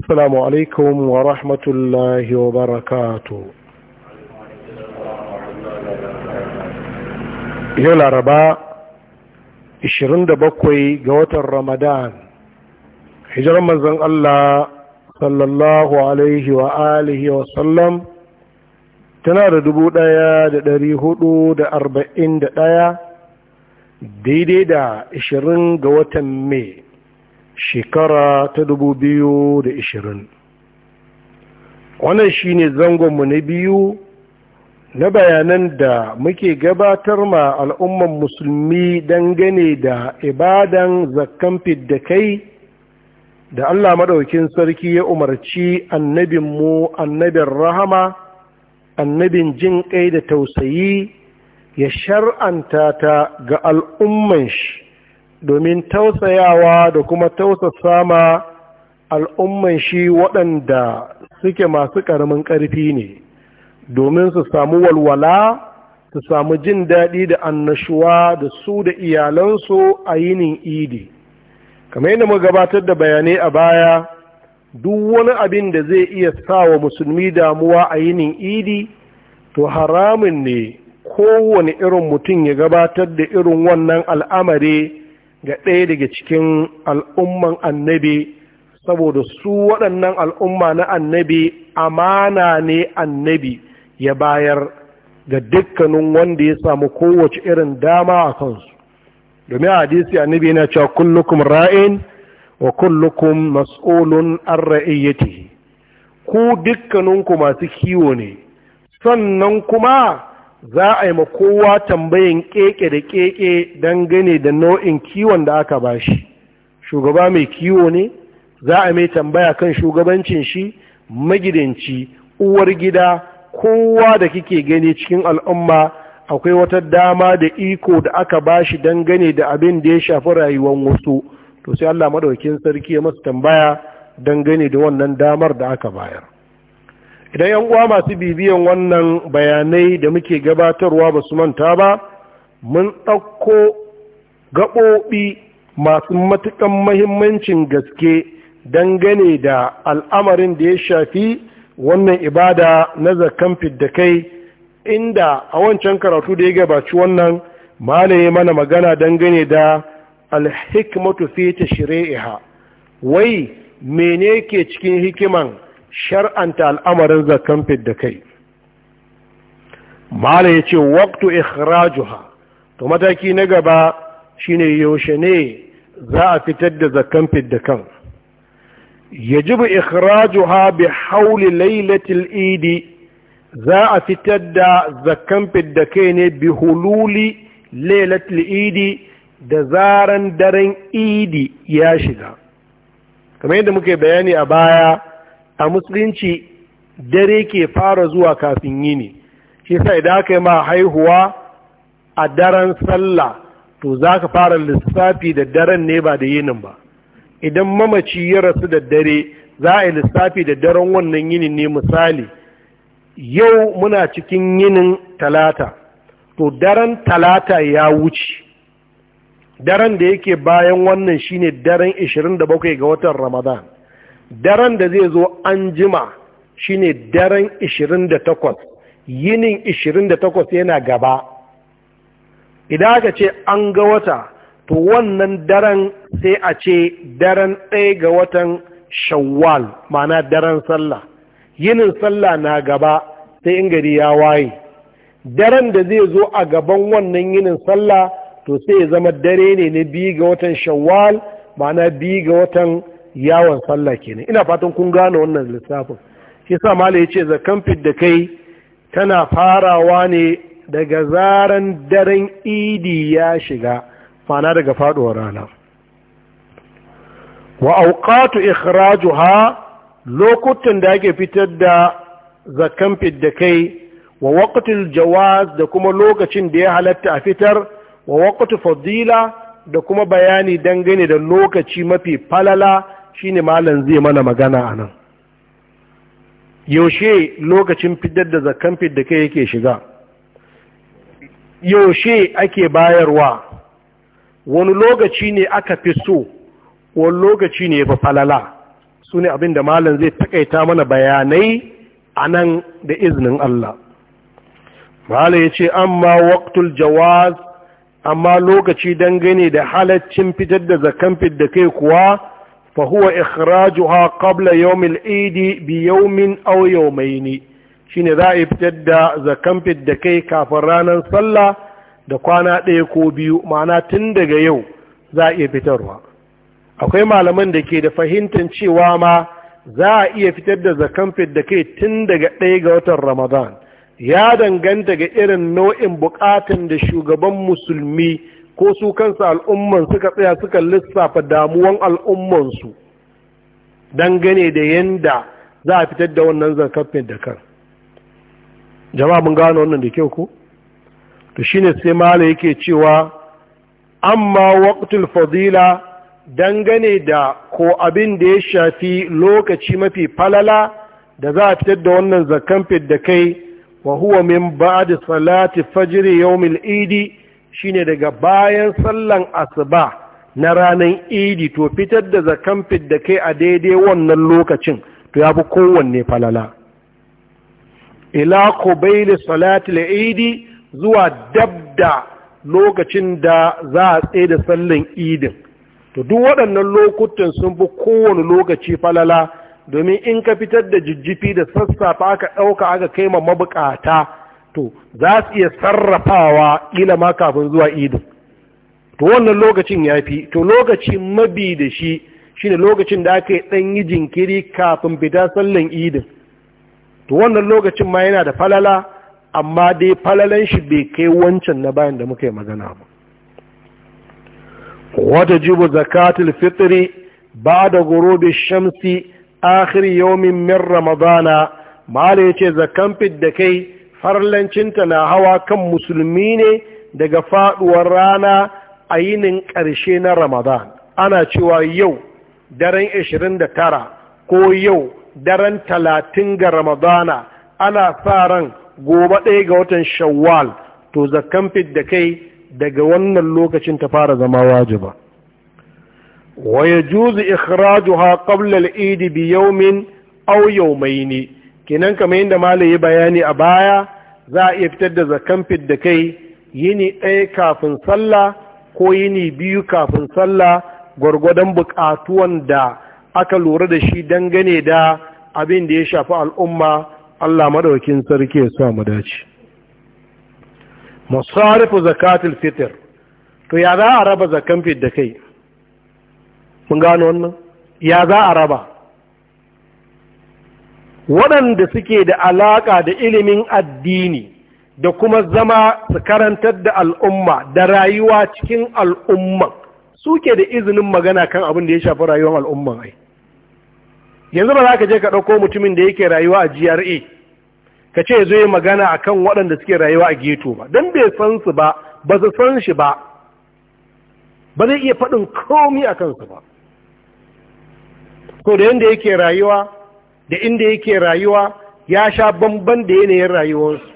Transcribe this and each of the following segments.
rahmatullahi wa barakatu! yau Laraba, ishirin da bakwai ga watan Ramadan hijirar mazan Allah sallallahu alaihi wa alihi wa sallam tana da dubu ɗaya da ɗari hudu da arba'in da ɗaya daidai da ishirin ga watan mai shekara ta dubu biyu da ishirin. wannan shine zangonmu na biyu na bayanan da muke gabatar ma al'umman musulmi dangane da ibadan zakkan da kai da Allah maɗaukin sarki ya umarci annabinmu annabin rahama annabin jin ƙai da tausayi ya shar'anta ta ga al'umman shi domin tausayawa da kuma tausasa ma al'umman shi waɗanda suke masu ƙaramin ƙarfi ne domin su samu walwala su samu jin daɗi da annashuwa da su da iyalansu a yinin idi kamar yadda mu gabatar da bayanai a baya duk wani abin da zai iya sa wa musulmi damuwa a yinin idi to haramun ne kowane irin mutum ya gabatar da irin wannan al'amari ga ɗaya daga cikin al'umman annabi saboda su waɗannan al'umma na annabi amana ne annabi ya bayar ga dukkanin wanda ya samu kowace irin dama a kansu domin hadisi annabi yana cewa kullukum ra'in wa kullukum mas'ulun an ra'iyyatihi ku dukkaninku masu kiwo ne sannan kuma za a yi ma kowa tambayin keke da keke dangane da nau'in kiwon da aka ba shi. shugaba mai kiwo ne za a mai tambaya kan shugabancin shi magidanci uwar gida kowa da kike gani cikin al'umma akwai wata dama da iko da aka ba bashi dangane da abin da ya shafi rayuwar wasu to sai Allah maɗaukin sarki ya masa tambaya dangane da wannan damar da aka bayar idan yan uwa masu bibiyan wannan bayanai da muke gabatarwa ba su manta ba mun ɗauko gaɓoɓi masu matuƙan mahimmancin gaske dangane da al'amarin da ya shafi wannan ibada na zakan fidda kai inda a wancan karatu da ya gabaci wannan malaye mana magana dangane da alhikmatu fi tashri'iha wai mene ke cikin hikiman shar'anta al'amarin zakan da kai mala ya ce waktu ikhrajuha to mataki na gaba shine yaushe ne za a fitar da zakan da kan yajibu ikhrajuha bi hauli laylatil idi za a fitar da zakan da kai ne bi hululi laylatil idi da zaran daren idi ya shiga kamar yadda muke bayani a baya a musulunci dare ke fara zuwa kafin yini shi sai da aka yi ma haihuwa a daren sallah to za ka fara lissafi da daren ne ba da yinin ba idan mamaci ya rasu da dare za a yi lissafi da daren wannan yini ne misali yau muna cikin yinin talata to daren talata ya wuce daren da yake bayan wannan shine daren 27 ga watan ramadan daren da zai zo an jima ne daren 28 yinin 28 yana gaba idan aka ce an ga wata to wannan daren sai a ce daren ɗaya ga watan shawwal mana daren sallah yinin sallah na gaba sai in gari ya waye daren da zai zo a gaban wannan yinin sallah to sai ya zama dare ne na biyu ga watan shawwal mana biyu ga watan yawon sallah kenan ina fatan kun gane wannan lissafin shi sa mala ya ce zakan da kai tana farawa ne daga zaren daren idi ya shiga fana daga faduwar rana wa ikiraju ha lokutan da ake fitar da zakan da kai wa waqtul jawaz da kuma lokacin da ya halatta a fitar wa waqtu fadila da kuma bayani dangane da lokaci mafi falala shine malam zai mana magana a nan yaushe lokacin fitar da zakan da kai yake shiga yaushe ake bayarwa wani lokaci ne aka fi so wani lokaci ne ba falala su ne abin da malam zai takaita mana bayanai a nan da izinin Allah malam ya ce amma waktul jawaz amma lokaci dangane da halaccin fitar da zakan da kai kuwa fa huwa ikhrajuha qabla yawm al-eid bi yawmin aw yawmayn shine za a fitar da zakan da kai kafin ranar sallah da kwana ɗaya ko biyu ma'ana tun daga yau za a iya fitarwa akwai malaman da ke da fahimtar cewa ma za a iya fitar da zakan da kai tun daga ɗaya ga watan ramadan ya danganta ga irin nau'in buƙatan da shugaban musulmi ko su kansu al'umman suka tsaya suka lissafa damuwan al'ummansu dangane da yanda za a fitar da wannan zarkafin da kan jama'a mun gano wannan da kyau ko to shine sai mala yake cewa amma waqtul fadila dangane da ko abin da ya shafi lokaci mafi falala da za a fitar da wannan zarkafin da kai wa huwa min ba'd salati fajr yawm al-eid shine daga bayan sallan asuba na ranar idi to fitar da zakan da kai a daidai wannan lokacin to ya fi kowanne falala ila ku kubaili salatul idi zuwa dabda lokacin da za a tsaye da sallan idin to duk waɗannan lokutan sun fi kowane lokaci falala domin in ka fitar da jijjifi da sassafa aka ɗauka aka kai ma mabukata to za su iya sarrafawa ƙila ma kafin zuwa idin to wannan lokacin ya fi to lokaci mabi da shi shine lokacin da aka yi ɗan yi jinkiri kafin fita sallan idin to wannan lokacin ma yana da falala amma dai falalan shi bai kai wancan na bayan da muka yi magana ba wata jibu zakatul fitri ba da gurubi shamsi akhir yawmin min ramadana mala yace zakan fit da kai farlancinta na hawa kan musulmi ne daga faduwar rana a yinin ƙarshe na ramadan ana cewa yau daren 29 ko yau daren 30 ga ramadana ana sa ran gobe ɗaya ga watan shawwal to zakan da kai daga wannan lokacin ta fara zama wajiba wa yajuzu ikhrajuha qabla al-eid bi yawmin aw kenan kamar yadda malai ya bayani a baya za a iya fitar da zakan da kai yini ɗaya kafin sallah ko yini biyu kafin sallah gwargwadon buƙatuwan da aka lura da shi dangane da abin da ya shafi al'umma Allah maɗaukin sarki ya sa mu dace masarifu zakatul fitr to ya za a raba zakan da kai mun gano wannan ya za a raba waɗanda suke da alaƙa da ilimin addini da kuma zama su karantar da al'umma da rayuwa cikin al'umma suke da izinin magana kan abin da ya shafi rayuwar al'umma ai yanzu ba za ka je ka ɗauko mutumin da yake rayuwa a GRA ka ce zo yi magana a kan waɗanda suke rayuwa a geto ba don bai san su ba ba su san shi ba ba zai iya faɗin komi a kansu ba ko da yadda yake rayuwa da inda yake rayuwa ya sha bamban da yanayin rayuwarsu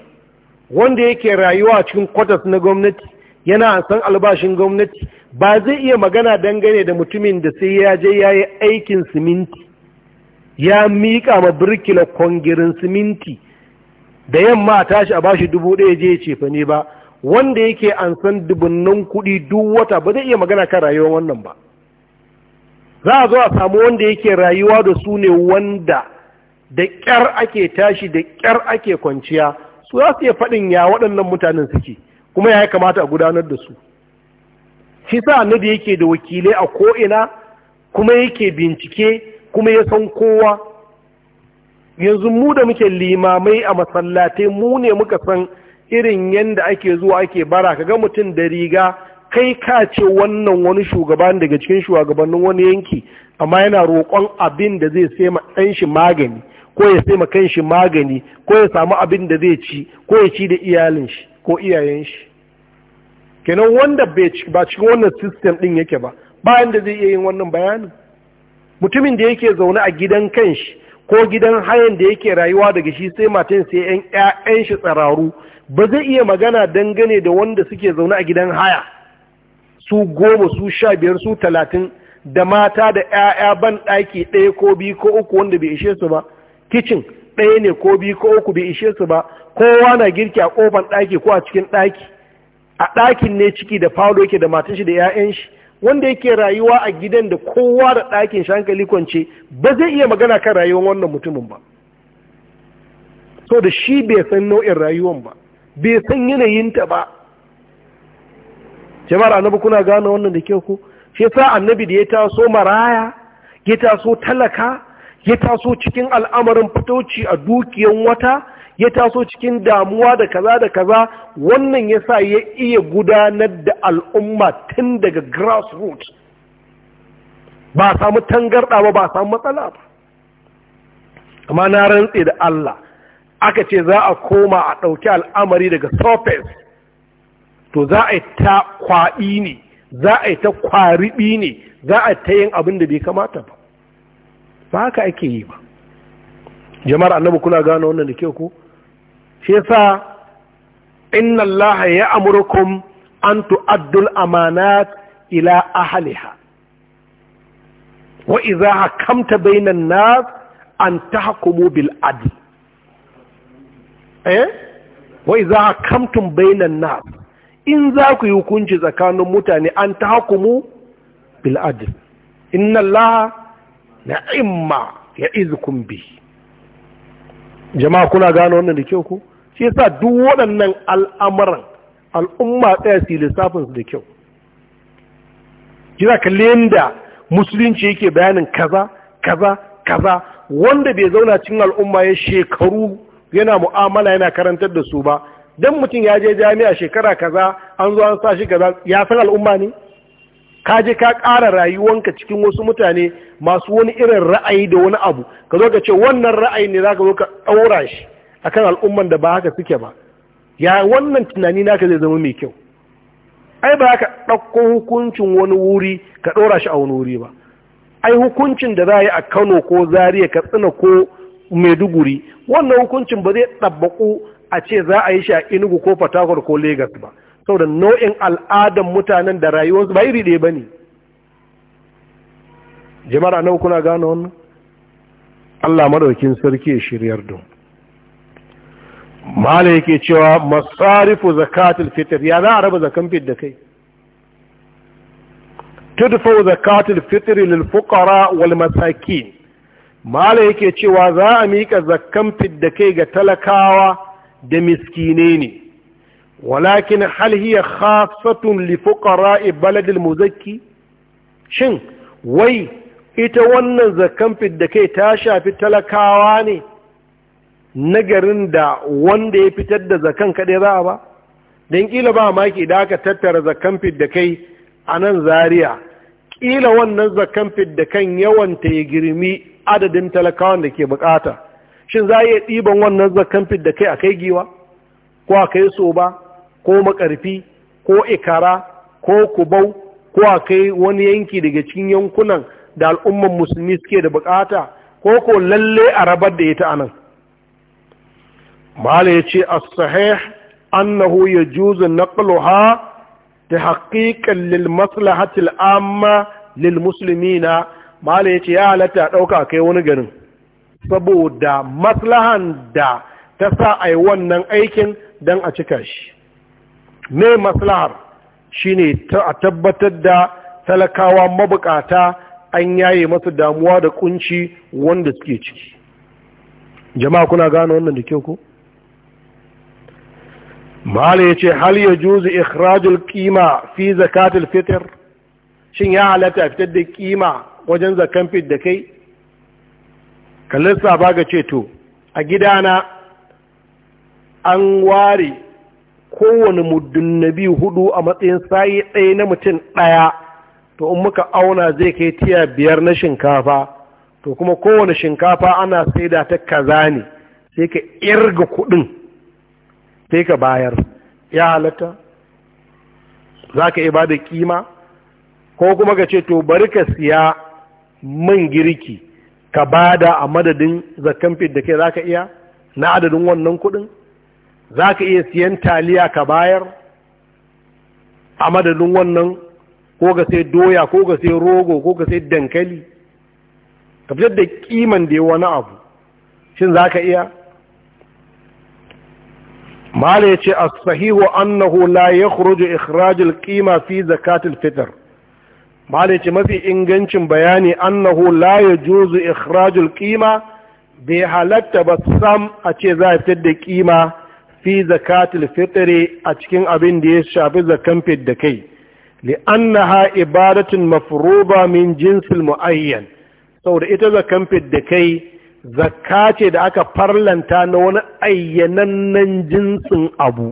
wanda yake rayuwa cikin kwatas na gwamnati yana san albashin gwamnati ba zai iya magana dangane da mutumin da sai ya je ya yi aikin siminti ya miƙa ma birkila kwangirin siminti da yamma a tashi a bashi dubu ɗaya je ce fa ne ba wanda yake an san dubunnan kuɗi duk wata ba zai iya magana kan rayuwar wannan ba za a zo a samu wanda yake rayuwa da su ne wanda da ƙyar ake tashi da ƙyar ake kwanciya su za su iya faɗin ya waɗannan mutanen suke kuma ya kamata a gudanar da su shi sa da yake da wakilai a ko'ina kuma yake bincike kuma ya san kowa yanzu mu da muke limamai a masallatai mu ne muka san irin yadda ake zuwa ake bara Ka ga mutum da riga kai ka ce wannan wani shugaban daga cikin shugabannin wani yanki amma yana roƙon abin da zai sai ma ɗan shi magani ko ya sai makan shi magani ko ya samu abin da zai ci ko ya ci da iyalin shi ko iyayen shi kenan wanda ba cikin wannan system din yake ba bayan da zai iya yin wannan bayanin mutumin da yake zaune a gidan kan shi ko gidan hayan da yake rayuwa daga shi sai matan sai yan ƴaƴan shi tsararu ba zai iya magana dangane da wanda suke zaune a gidan haya su goma su sha biyar su talatin da mata da ƴaƴa ban ɗaki ɗaya ko biyu ko uku wanda bai ishe su ba kicin ɗaya ne ko biyu ko uku bai ishe su ba kowa na girki a ƙofan ɗaki ko a cikin ɗaki a ɗakin ne ciki da falo yake da matan shi da 'ya'yan shi wanda yake rayuwa a gidan da kowa da ɗakin shi hankali kwance ba zai iya magana kan rayuwar wannan mutumin ba so da shi bai san nau'in rayuwan ba bai san yanayinta ba jama'ar annabi kuna gane wannan da kyau ko shi yasa annabi da ya taso maraya ya taso talaka ya taso cikin al'amarin fitoci a dukiyan wata ya taso cikin damuwa da kaza da kaza wannan ya sa ya iya gudanar da al'umma tun daga grassroots ba a samu tangarɗa ba ba a samu matsala ba amma na rantse da Allah aka ce za a koma a ɗauki al'amari daga surface to za a yi ta kwaɗi ne za a yi ta kwariɓi ne za a yi ta yin abin da bai kamata ba ba haka ake yi ba jama'ar annabi kuna gano wannan da ke ku shi yasa inna allaha ya amurkum an tu'addul amanat ila ahliha wa idza hakamta bainan nas an tahkumu bil adl eh wa idza hakamtum bainan nas in za ku yi hukunci tsakanin mutane an tahkumu bil adl inna allaha na'imma ya izukun bi jama'a kuna gano wannan da kyau ko shi yasa duk waɗannan al'amuran al'umma tsaya su lissafin su da kyau kira kalli da musulunci yake bayanin kaza kaza kaza wanda bai zauna cikin al'umma ya shekaru yana mu'amala yana karantar da su ba dan mutum ya je jami'a shekara kaza an zo an sa shi kaza ya san al'umma ne ka je ka ƙara rayuwanka cikin wasu mutane masu wani irin ra'ayi da wani abu ka zo ka ce wannan ra'ayi ne za ka zo ka ɗaura shi akan al'umman da ba haka suke ba ya wannan tunani naka zai zama mai kyau ai ba ka ɗauko hukuncin wani wuri ka ɗora shi a wani wuri ba ai hukuncin da za a yi a kano ko zaria katsina ko maiduguri wannan hukuncin ba zai ɗabbaƙu a ce za a yi shi a inugu ko fatakwar ko Legas ba saboda nau'in al'adan mutanen da rayuwarsu ba iri ɗaya ba ne jama'ar nan kuna gano wannan Allah maɗaukin sarki ya shiryar don mala yake cewa masarifu zakatul fitr ya za a raba zakan fit da kai tudfau zakatul fitr lil fuqara wal masakin mala yake cewa za a mika zakan fit da kai ga talakawa da miskine ne walakin hal hiya khasatun li baladil muzakki shin wai ita wannan zakan da kai ta shafi talakawa ne nagarin da wanda ya fitar da zakan kaɗai za a ba don ƙila ba maki da aka tattara zakan da kai a nan Zariya. ƙila wannan zakan da kan yawanta ya girmi adadin talakawan da ke bukata shin za a iya ɗiban wannan zakan da kai a kai giwa ko a kai so ba ko makarfi ko ikara ko kubau ko a kai wani yanki daga cikin yankunan da al'umman musulmi suke da bukata ko ko lalle a rabar da ita anan mala ya ce as-sahih annahu yajuzu naqluha haƙiƙan lil maslahati al-amma lil muslimina mala ya ce ya halatta dauka kai wani garin saboda maslahan da ta sa ai wannan aikin dan a cika shi Ne maslahar shine a tabbatar da talakawa mabukata an yaye masa damuwa da kunci wanda suke ciki jama'a kuna gano wannan da kyau ko mahala ya ce hal ya juzu ikhrajul kima fi zakatul fitr shin ya halatta a fitar da kima wajen zakan fit da kai kallarsa ba ce to a gidana an ware kowane muddin nabi hudu a matsayin sayi ɗaya na mutum ɗaya to in muka auna zai kai tiya biyar na shinkafa to kuma kowane shinkafa ana saida ta kaza ne sai ka irga kuɗin sai ka bayar ya halatta za ka iya ba da kima ko kuma ka ce to bari ka siya man girki ka bada a madadin zakan da kai za ka iya na adadin wannan kuɗin za ka iya siyan taliya ka bayar a madadin wannan ko ga sai doya ko ga sai rogo ko ga sai dankali ka fitar da kiman da ya wani abu shin za ka iya mala ya ce a sahihu annahu la ya khuruju ikhrajul kima fi zakatul fitr mala ya ce mafi ingancin bayani annahu la ya juzu ikhrajul kima bai halatta ba sam a ce za a fitar da kima fi zakatul fitri a cikin abin da ya shafi zakan da kai li'annaha ibadatun mafruba min jinsil muayyan saboda ita zakan da kai zakka ce da aka farlanta na wani ayyanannan jinsin abu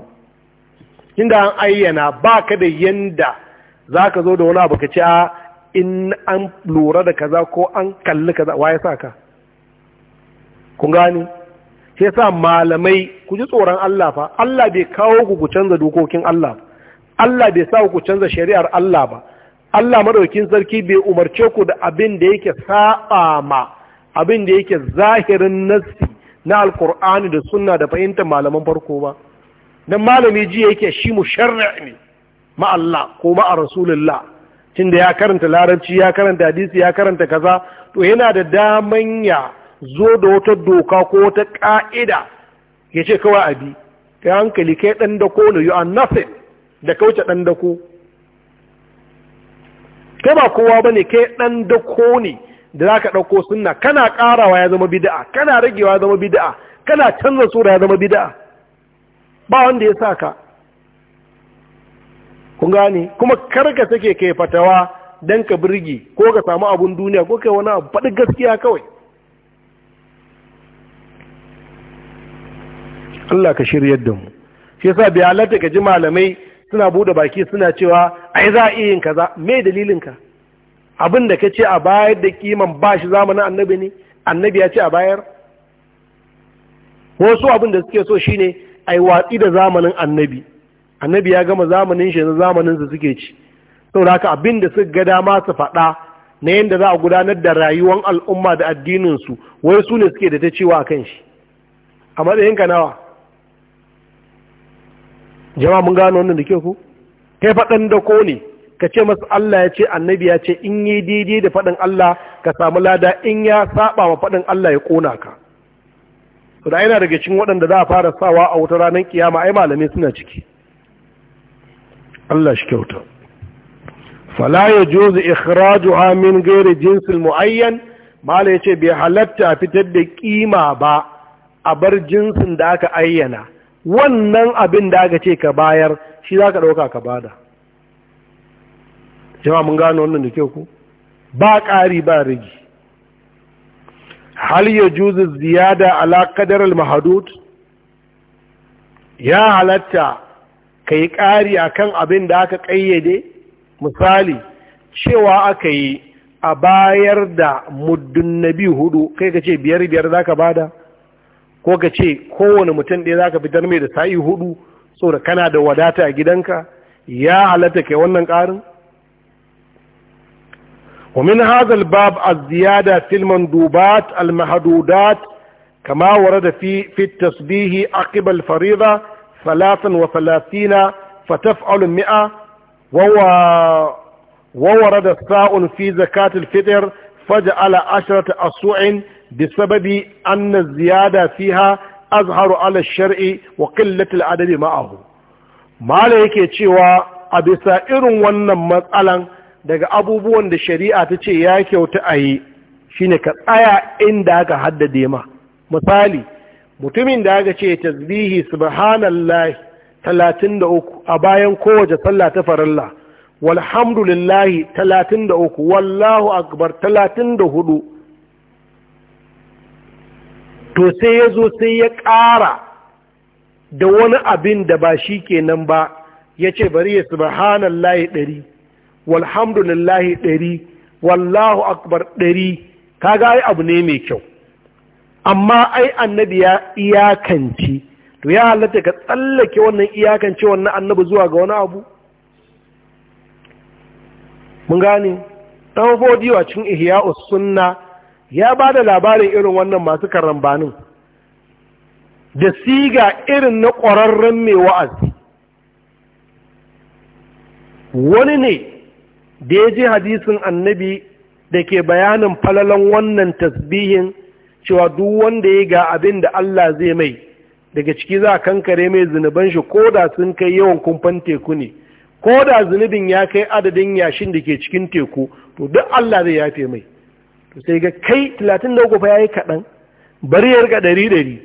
inda an ayyana baka da yanda zaka zo da wani abu ka ce a in an lura da kaza ko an kalli kaza waye sa kun gani sai sa malamai ku ji tsoron Allah fa Allah bai kawo ku ku canza dokokin Allah Allah bai sa ku canza shari'ar Allah ba Allah madaukin sarki bai umarce ku da abin da yake saba ma abin da yake zahirin nassi na alkur'ani da sunna da fahimtar malaman farko ba dan malami ji yake shi mu ne ma Allah ko ma rasulullah tunda ya karanta larabci ya karanta hadisi ya karanta kaza to yana da daman ya zo da wata doka ko wata ka'ida ya ce kawai abi kai hankali kai ɗan dako ne you are nothing da kauce ɗan dako kai ba kowa ba ne kai ɗan dako ne da za ka ɗauko sunna kana ƙarawa ya zama bida'a kana ragewa ya zama bida'a kana canza sura ya zama bida'a ba wanda ya sa ka kun gane kuma karka sake kai fatawa don ka birgi ko ka samu abun duniya ko kai wani abu faɗi gaskiya kawai Allah ka shirya da mu shi yasa bai halatta ka ji malamai suna buɗe baki suna cewa ai za a iya yin kaza me dalilin ka abin da ka ce a bayar da kiman ba shi zamanin annabi ne annabi ya ce a bayar wasu abin da suke so shine ai watsi da zamanin annabi annabi ya gama zamanin shi yanzu zamanin su suke ci saboda haka abin da suka ga dama su faɗa na yadda za a gudanar da rayuwar al'umma da addininsu wai su ne suke da ta cewa kan shi a ka nawa jama mun gano wannan da ke ku kai faɗan da ko ne ka ce masu Allah ya ce annabi ya ce in yi daidai da faɗin Allah ka samu lada in ya saba wa faɗin Allah ya ƙona ka to da yana daga cikin waɗanda za a fara sawa a wuta ranar kiyama ai malamai suna ciki Allah shi kyauta fala ya juzu ikhrajuha min ghairi jinsil muayyan mala yace bai halatta fitar da kima ba a bar jinsin da aka ayyana wannan abin da aka ce ka bayar shi za ka ɗauka ka bada jama mun gano wannan da kyau ku ba ƙari ba rigi hal ya juzu ziyada ala ƙadar mahadud ya halatta ka yi ƙari a kan abin da aka ƙayyade misali cewa aka yi a bayar da muddin biyu hudu kai ka ce biyar biyar za ka bada ko ka ce kowane mutum ɗaya za ka fitar mai da sa'i hudu saboda kana da wadata a gidanka ya halatta kai wannan ƙarin ومن هذا الباب الزيادة في المندوبات المحدودات كما ورد في في التسبيح عقب الفريضة ثلاثا وثلاثين فتفعل مئة وهو وورد الساء في زكاة الفطر فجعل عشرة أسوع بسبب أن الزيادة فيها أظهر على الشرع وقلة العدد معه ما cewa تشوى أبسا irin wannan مسألا daga abubuwan da shari'a ta ce ya kyauta a yi shine ka tsaya inda aka haddade ma misali mutumin da aka ce tasbihi subhanallahi talatin da uku a bayan kowace sallah ta faralla walhamdulillahi talatin da uku wallahu akbar talatin da hudu to sai ya zo sai ya ƙara da wani abin da ba shi kenan ba ya ce bari ya layi ɗari walhamdulillahi ɗari wallahu akbar ɗari kaga ai abu ne mai kyau amma ai annabi ya iyakanci to ya halatta ka tsallake wannan iyakance wannan annabi zuwa ga wani abu mun gane ɗan fodiyo a cikin ihya'us sunna ya ba da labarin irin wannan masu karambanin da siga irin na ƙwararren mai wa'azi wani ne da ya ji hadisin annabi da ke bayanin falalan wannan tasbihin cewa duk wanda ya ga abin da Allah zai mai daga ciki za a kankare mai zunuban shi ko da sun kai yawan kumfan teku ne ko da zunubin ya kai adadin yashin da ke cikin teku to duk Allah zai yafe mai sai ga kai talatin da uku fa yi kaɗan bari ya rika ɗari ɗari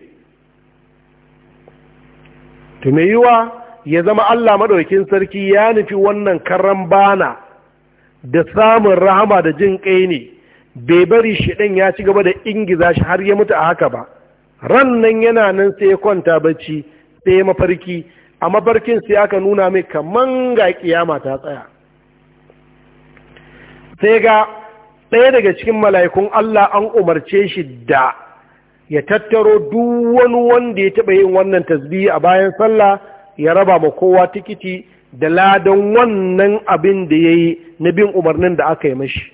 to mai yiwa ya zama Allah maɗaukin sarki ya nufi wannan karan bana da samun rahama da jin ƙai ne bai bari shi ɗan ya ci gaba da ingiza shi har ya mutu a haka ba ran nan yana nan sai ya kwanta bacci sai ya mafarki a mafarkin sai aka nuna mai kaman ga kiyama ta tsaya sai ga ɗaya daga cikin mala'ikun Allah an umarce shi da ya tattaro duk wani wanda ya taɓa yin wannan tasbihi a bayan sallah ya raba ma kowa tikiti da ladan wannan abin da ya yi na bin umarnin da aka yi mashi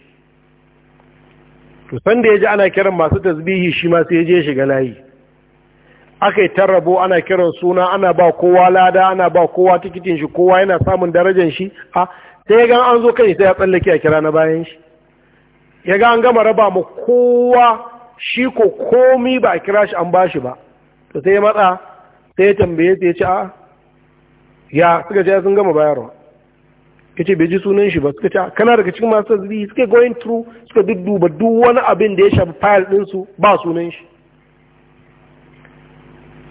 tusan da ya ji ana kiran masu tasbihi shi ma sai ya je shiga layi aka yi tarrabo ana kiran suna ana ba kowa lada ana ba kowa tikitin shi kowa yana samun darajar shi a sai gan an zo kai sai ya tsallake a kira na bayan shi ya ga an gama raba ma kowa shi ko komi ba a kira shi an ba shi ba to sai ya matsa sai ya tambaye sai ya ci a ah, ya suka ce sun gama bayarwa ya ce bai ji sunan shi ba suka ce ah, kana daga cikin masu ziri suka going through suka dudduba duk wani abin da ya shafi fayil ɗinsu ba sunan shi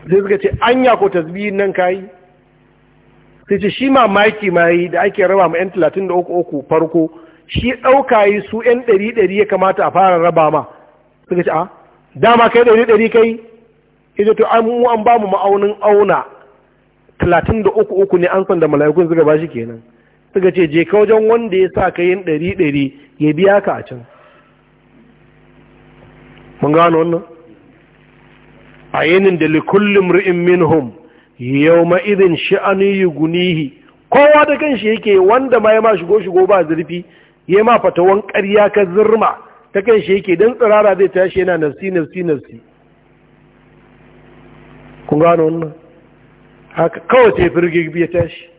sai suka ce anya ko tasbihin nan kayi sai ce shi mamaki ma yi da ake raba ma 'yan 33 farko shi ɗaukayi su ‘yan ɗari ɗari ya kamata a fara raba ma suka ce dama kai ɗari ɗari kai ita to an mu an ba ma'aunin auna talatin da uku uku ne an san da mala'ikun suka ba shi kenan suka ce je ka wajen wanda ya sa ka yin ɗari ɗari ya biya ka a can mun gano wannan a yinin da likullum ri'in minhum yau ma'izin sha'ani yugunihi kowa da kanshi yake wanda ma ya ma shigo shigo ba zurfi ya ma fatawan ƙarya ka zirma ta kan shi yake don tsirara zai tashi yana nafsi nafsi nafsi kun gano wannan haka kawai sai firgi ya tashi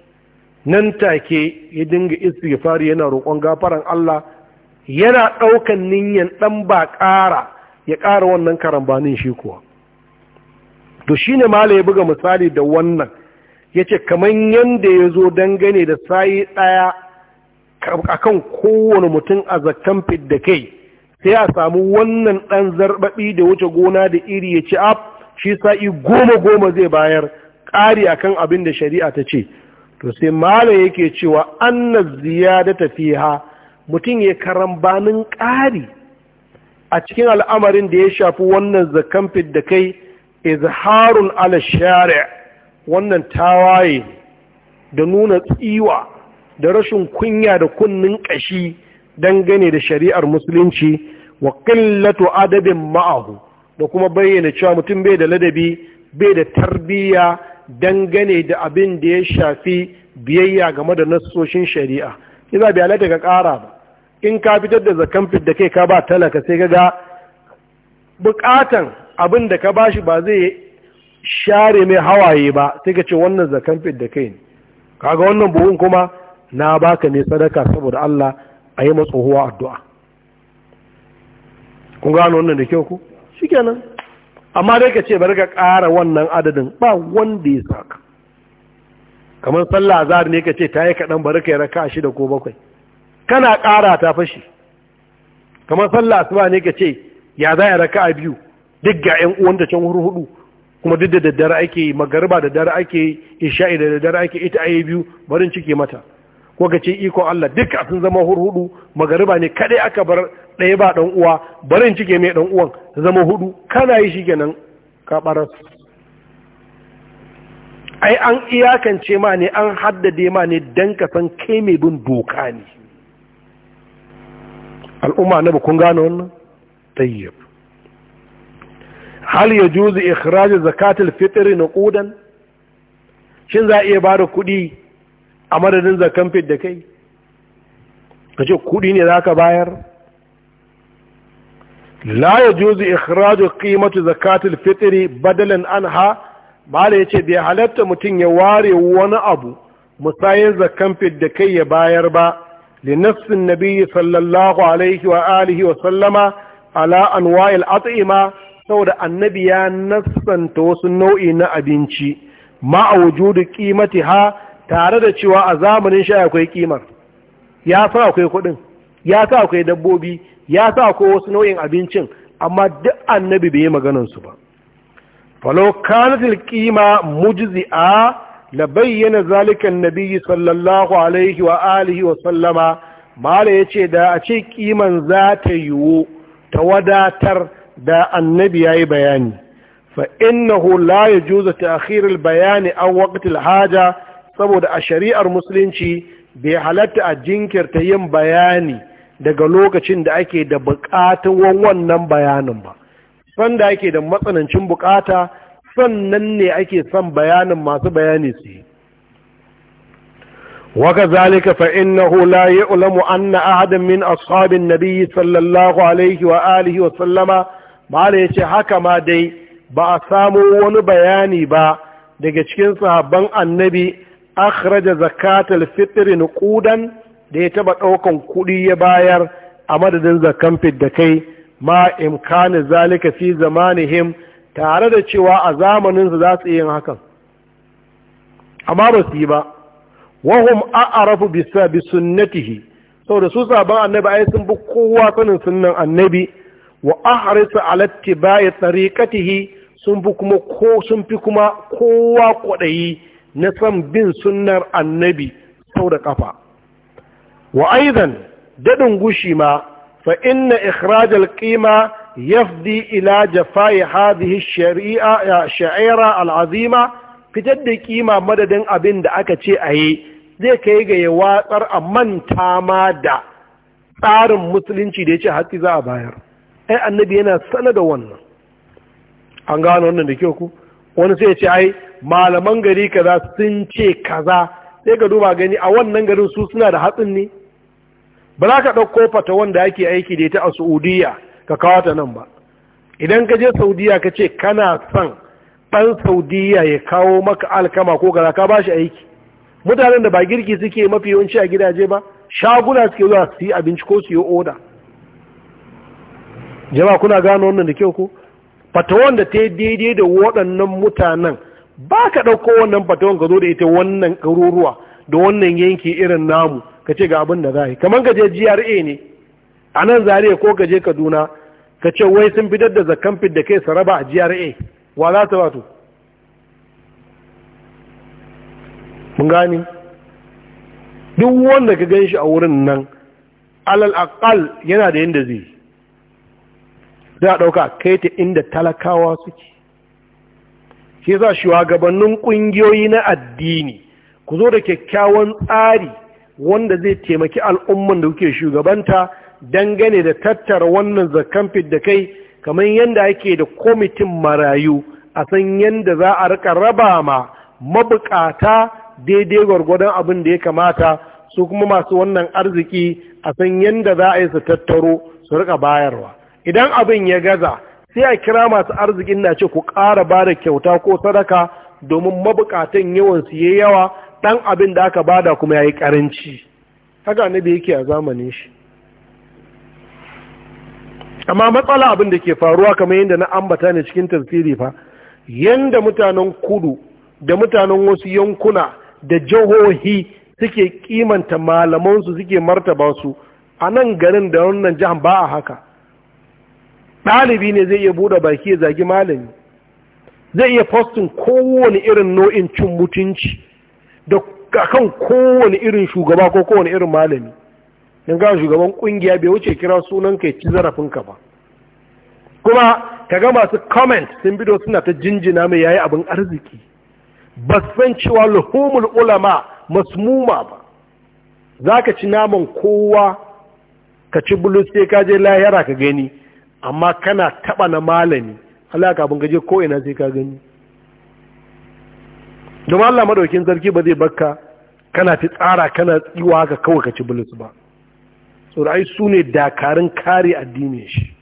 nan take ya dinga istighfar yana roƙon gafaran Allah yana ɗaukan niyyar ɗan ba ƙara ya ƙara wannan karambanin shi kuwa to shine mala ya buga misali da wannan yace kamar yanda ya zo dangane da sayi ɗaya akan kowane mutum a zakkan da kai sai a samu wannan ɗan zarbaɓi da wuce gona da iri ya ci ab shi sa'i goma goma zai bayar ƙari kan abin da shari'a ta ce to sai mala yake cewa an na ziyada tafiha mutum ya karambanin ƙari a cikin al'amarin da ya shafi wannan zakan da kai izharun ala shari'a wannan tawaye da nuna tsiwa da rashin kunya da kunnin ƙashi dangane da shari'ar musulunci wa ƙillatu adabin ma'ahu da kuma bayyana cewa mutum bai da ladabi bai da tarbiyya dangane da abin da ya shafi biyayya game da nassoshin shari'a kiza bai halatta ka ƙara ba in ka fitar da zakan da kai ka ba talaka sai ka ga buƙatan abin da ka bashi ba zai share mai hawaye ba sai ka ce wannan zakan da kai ne kaga wannan buhun kuma na baka ne sadaka saboda Allah a yi matsohuwa addu'a kun gano wannan da kyau ku shikenan amma dai ka ce bari ka ƙara wannan adadin ba wanda ya saka kamar sallah zari ne ka ce ta yi kaɗan bari ka yi raka shida ko bakwai kana ƙara ta fashi kamar sallah asuba ne ka ce ya za ya raka a biyu duk ga ƴan uwan da can hudu kuma duk da daddare ake yi magariba da daddare ake yi isha'i da daddare ake ita yi biyu barin cike mata ko ka ce iko Allah a sun zama hurhudu magariba ne kadai aka bar ɗaya ba ɗan uwa barin cike mai ɗan uwan zama hudu kana yi shikenan ka baras ai an iyakance ma ne an haddade ma ne dan ka san kai mai bin doka ne al'umma na kun gane wannan tayyib hal ya juzu ikhraj zakatul fitr nuqudan shin za a iya bada kuɗi a madadin zakan fit da kai ka ce kudi ne za ka bayar la ya juzu ikhraju qimatu zakatul fitri badalan anha bala yace bai halatta mutum ya ware wani abu musayin zakan fit da kai ya bayar ba li nafsin sallallahu alaihi wa alihi wa sallama ala anwa'il at'ima saboda annabi ya nassanta wasu nau'i na abinci ma a wujudu qimatiha tare da cewa a zamanin shi akwai kimar ya sa akwai kuɗin ya sa akwai dabbobi ya sa akwai wasu nau'in abincin amma duk annabi bai yi maganansu ba falo kanatil kima mujzi'a na bayyana zalika annabi sallallahu alaihi wa alihi wa sallama mala yace da a ce kiman za ta yiwu ta wadatar da annabi yayi bayani fa innahu la yajuzu ta'khir al-bayan aw waqt al-haja saboda a shari'ar musulunci bai halatta a jinkirta yin bayani daga lokacin da ake da buƙatuwan wannan bayanin ba sanda ake da matsanancin son sannan ne ake son bayanin masu bayani su yi وكذلك فإنه لا min ashabin أحدا Sallallahu alaihi النبي صلى wa sallama. وآله وسلم ما haka ma dai ba a samo wani bayani ba daga cikin sahabban annabi akhraja zakatal fitr nuqudan da ya taba daukan kudi ya bayar a madadin zakan da kai ma imkani zalika fi zamanihim tare da cewa a zamanin su za su yin hakan amma ba su yi ba wahum a'rafu bisa bi sunnatihi saboda su saban annabi ai sun bi kowa sanin sunnan annabi wa ahrisu ala tibai tariqatihi sun bi kuma ko sun fi kuma kowa kwadayi na san bin sunnar annabi sau da ƙafa wa aizan daɗin gushi ma fa inna ikhrajal qima yafdi ila jafai hadhihi shari'a sha'ira al'azima fitar da ƙima madadin abin da aka ce a yi zai kai ga ya watsar a manta ma da tsarin musulunci da ya ce haƙƙi za a bayar ai annabi yana sana da wannan an gano wannan da kyau ku wani sai ya ce ai malaman gari kaza sun ce kaza sai ka duba gani a wannan garin su suna da hatsin ne ba za ka ɗauko fata wanda ake aiki da ita a saudiya ka kawo ta nan ba idan ka je saudiya ka ce kana son ɗan saudiya ya kawo maka alkama ko kaza ka ba shi aiki mutanen da ba girki suke mafi yawanci a gidaje ba shaguna suke zuwa su yi abinci ko su yi oda jama kuna gano wannan da kyau ko fatawan da ta yi daidai da waɗannan mutanen ba ka ɗauko wannan fatawan ka zo da ita wannan ƙaruruwa da wannan yanki irin namu ka ce ga abin da za yi kamar ka je GRA ne a nan zariya ko ka je Kaduna ka ce wai sun fitar da zakan fit da kai saraba a GRA wa za ta wato mun gani duk wanda ka gan shi a wurin nan alal aqal yana da da zai za a ɗauka kai ta inda talakawa suke shi za shugabannin ƙungiyoyi na addini ku zo da kyakkyawan tsari wanda zai taimaki al'umman da kuke shugabanta dangane da tattara wannan zakan da kai kamar yadda ake da kwamitin marayu a san yadda za a rika raba ma mabukata daidai gwargwadon abin da ya kamata su kuma masu wannan arziki a san yadda za a yi su tattaro su rika bayarwa idan abin ya gaza sai a kira masu arzikin na ce ku ƙara ba da kyauta ko sadaka domin mabukatan yawan su yi yawa ɗan abin da aka bada kuma ya yi ƙaranci. haka annabi yake a zamanin shi amma matsala abin da ke faruwa kamar yadda na ambata ne cikin tafsiri fa yadda mutanen kudu da mutanen wasu yankuna da jihohi suke kimanta malamansu suke martaba su a nan garin da wannan jihar ba a haka ɗalibi ne zai iya buɗe baki ya zagi malami zai iya fostin kowane irin nau'in cin mutunci da kan kowane irin shugaba ko kowane irin malami don gawa shugaban kungiya bai wuce kira sunan ka ci zarafinka ba kuma ka ga masu comment sun bido suna ta jinjina mai yayi abin arziki ba san cewa luhumul ulama masmuma ba za ka ci naman kowa ka ci bulus sai ka je lahira ka gani amma kana taɓa na malami Allah bin gaje ko ina sai ka gani don Allah madaukin sarki ba zai bakka kana fi tsara kana tsiwa haka kawai ka ci bulus ba saboda su ne dakarun kare addinin shi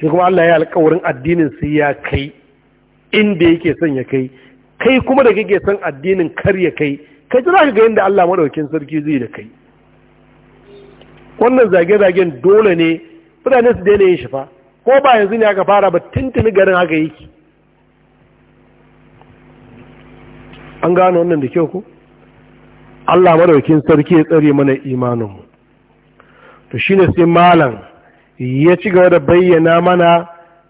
shi kuma Allah ya alkawarin addinin sai ya kai inda yake son ya kai kai kuma da kake son addinin kar ya kai kai za ka ga yadda Allah madaukin sarki zai da kai wannan zage-zagen dole ne mutane su daina yin shi fa ko ba yanzu ne aka fara ba tuntuni garin haka yake an gano wannan da kyau ku? Allah madaukin sarki ya tsare mana imaninmu to shine sai malam ya ci gaba da bayyana mana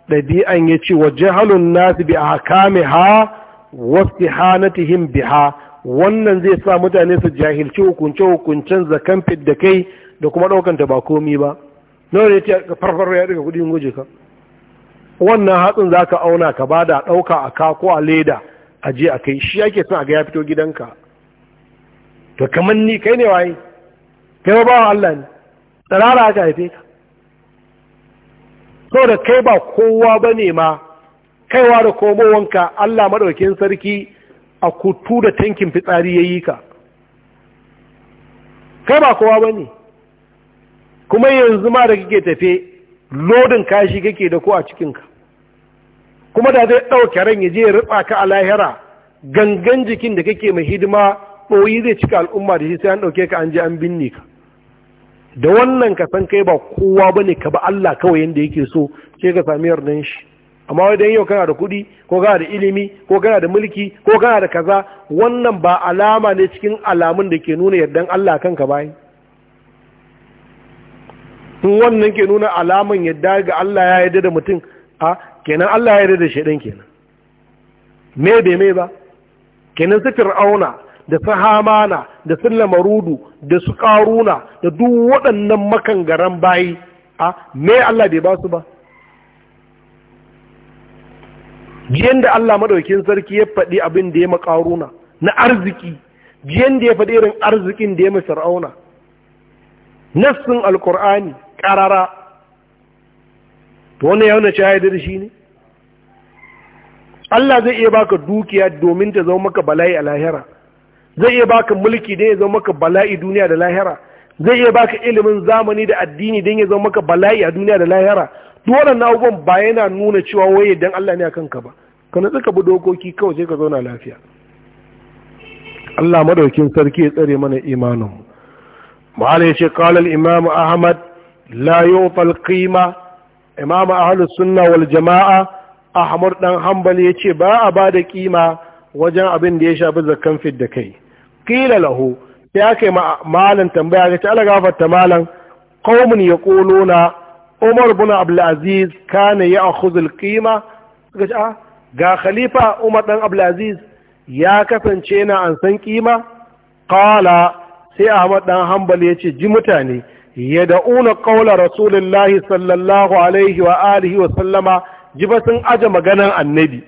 ɗabi'an ya ce wa jahalun nasu bi a kame ha wasu hanatihin biha wannan zai sa mutane su jahilci hukunce-hukuncen zakan da kai da kuma ɗaukanta ba komi ba nawa ne ka farfar ya daga kudin in ka wannan hatsin za ka auna ka ba da ɗauka a ka ko a leda a je a kai shi ake son a ga ya fito gidanka to kamar ni kai ne waye kai ba wa Allah ne tsarara aka haife ka da kai ba kowa ba ne ma kaiwa da komowanka Allah madaukin sarki a kutu da tankin fitsari ya yi ka kai ba kowa ba ne kuma yanzu ma da kake tafe lodin kashi kake da ko a cikinka kuma da zai ɗauke ran ya je ya rufa ka a lahira gangan jikin da kake mai hidima ɓoyi zai cika al'umma da shi sai an ɗauke ka an je an binne ka da wannan ka san kai ba kowa ba ne ka ba Allah kawai yadda yake so sai ka sami yardan shi amma dan yau kana da kuɗi ko kana da ilimi ko kana da mulki ko kana da kaza wannan ba alama ne cikin alamun da ke nuna yardan Allah kanka bayan in wannan ke nuna alaman yadda ga Allah ya yadda da mutum a kenan Allah ya yadda da shaidan kenan me bai mai ba kenan su fir'auna da su hamana da su lamarudu da su karuna da duk waɗannan makangaran bayi a me Allah bai ba su ba biyan da Allah madaukin sarki ya faɗi abin da ya makaruna na arziki biyan da ya faɗi irin arzikin da ya ma fir'auna nassin alkur'ani ƙarara to wannan ya wani shahidar da shi ne Allah zai iya baka dukiya domin ta zama maka bala'i a lahira zai iya baka mulki don ya zama maka bala'i duniya da lahira zai iya baka ilimin zamani da addini don ya zama maka bala'i a duniya da lahira duk na abubuwan ba yana nuna cewa waye dan Allah ne a kanka ba ka natsu ka bi dokoki kawai sai ka zauna lafiya Allah madaukin sarki ya tsare mana imanin mu ma'ana ya ce qala imamu ahmad la ƙima qima imam ahlus sunna wal jama'a ahmad dan hanbali yace ba a ba da kima wajen abin da ya shafi zakkan fit da kai qila lahu sai aka yi malam tambaya ga ta ala gafarta malan qaumun yaquluna umar ibn abdul aziz kana ya'khudhu al qima ga khalifa umar ɗan abdulaziz ya kasance na an san kima qala sai ahmad ɗan hanbal ya ce ji mutane yada'una qawla rasulillahi sallallahu alaihi wa alihi wa sallama jiba sun aje maganan annabi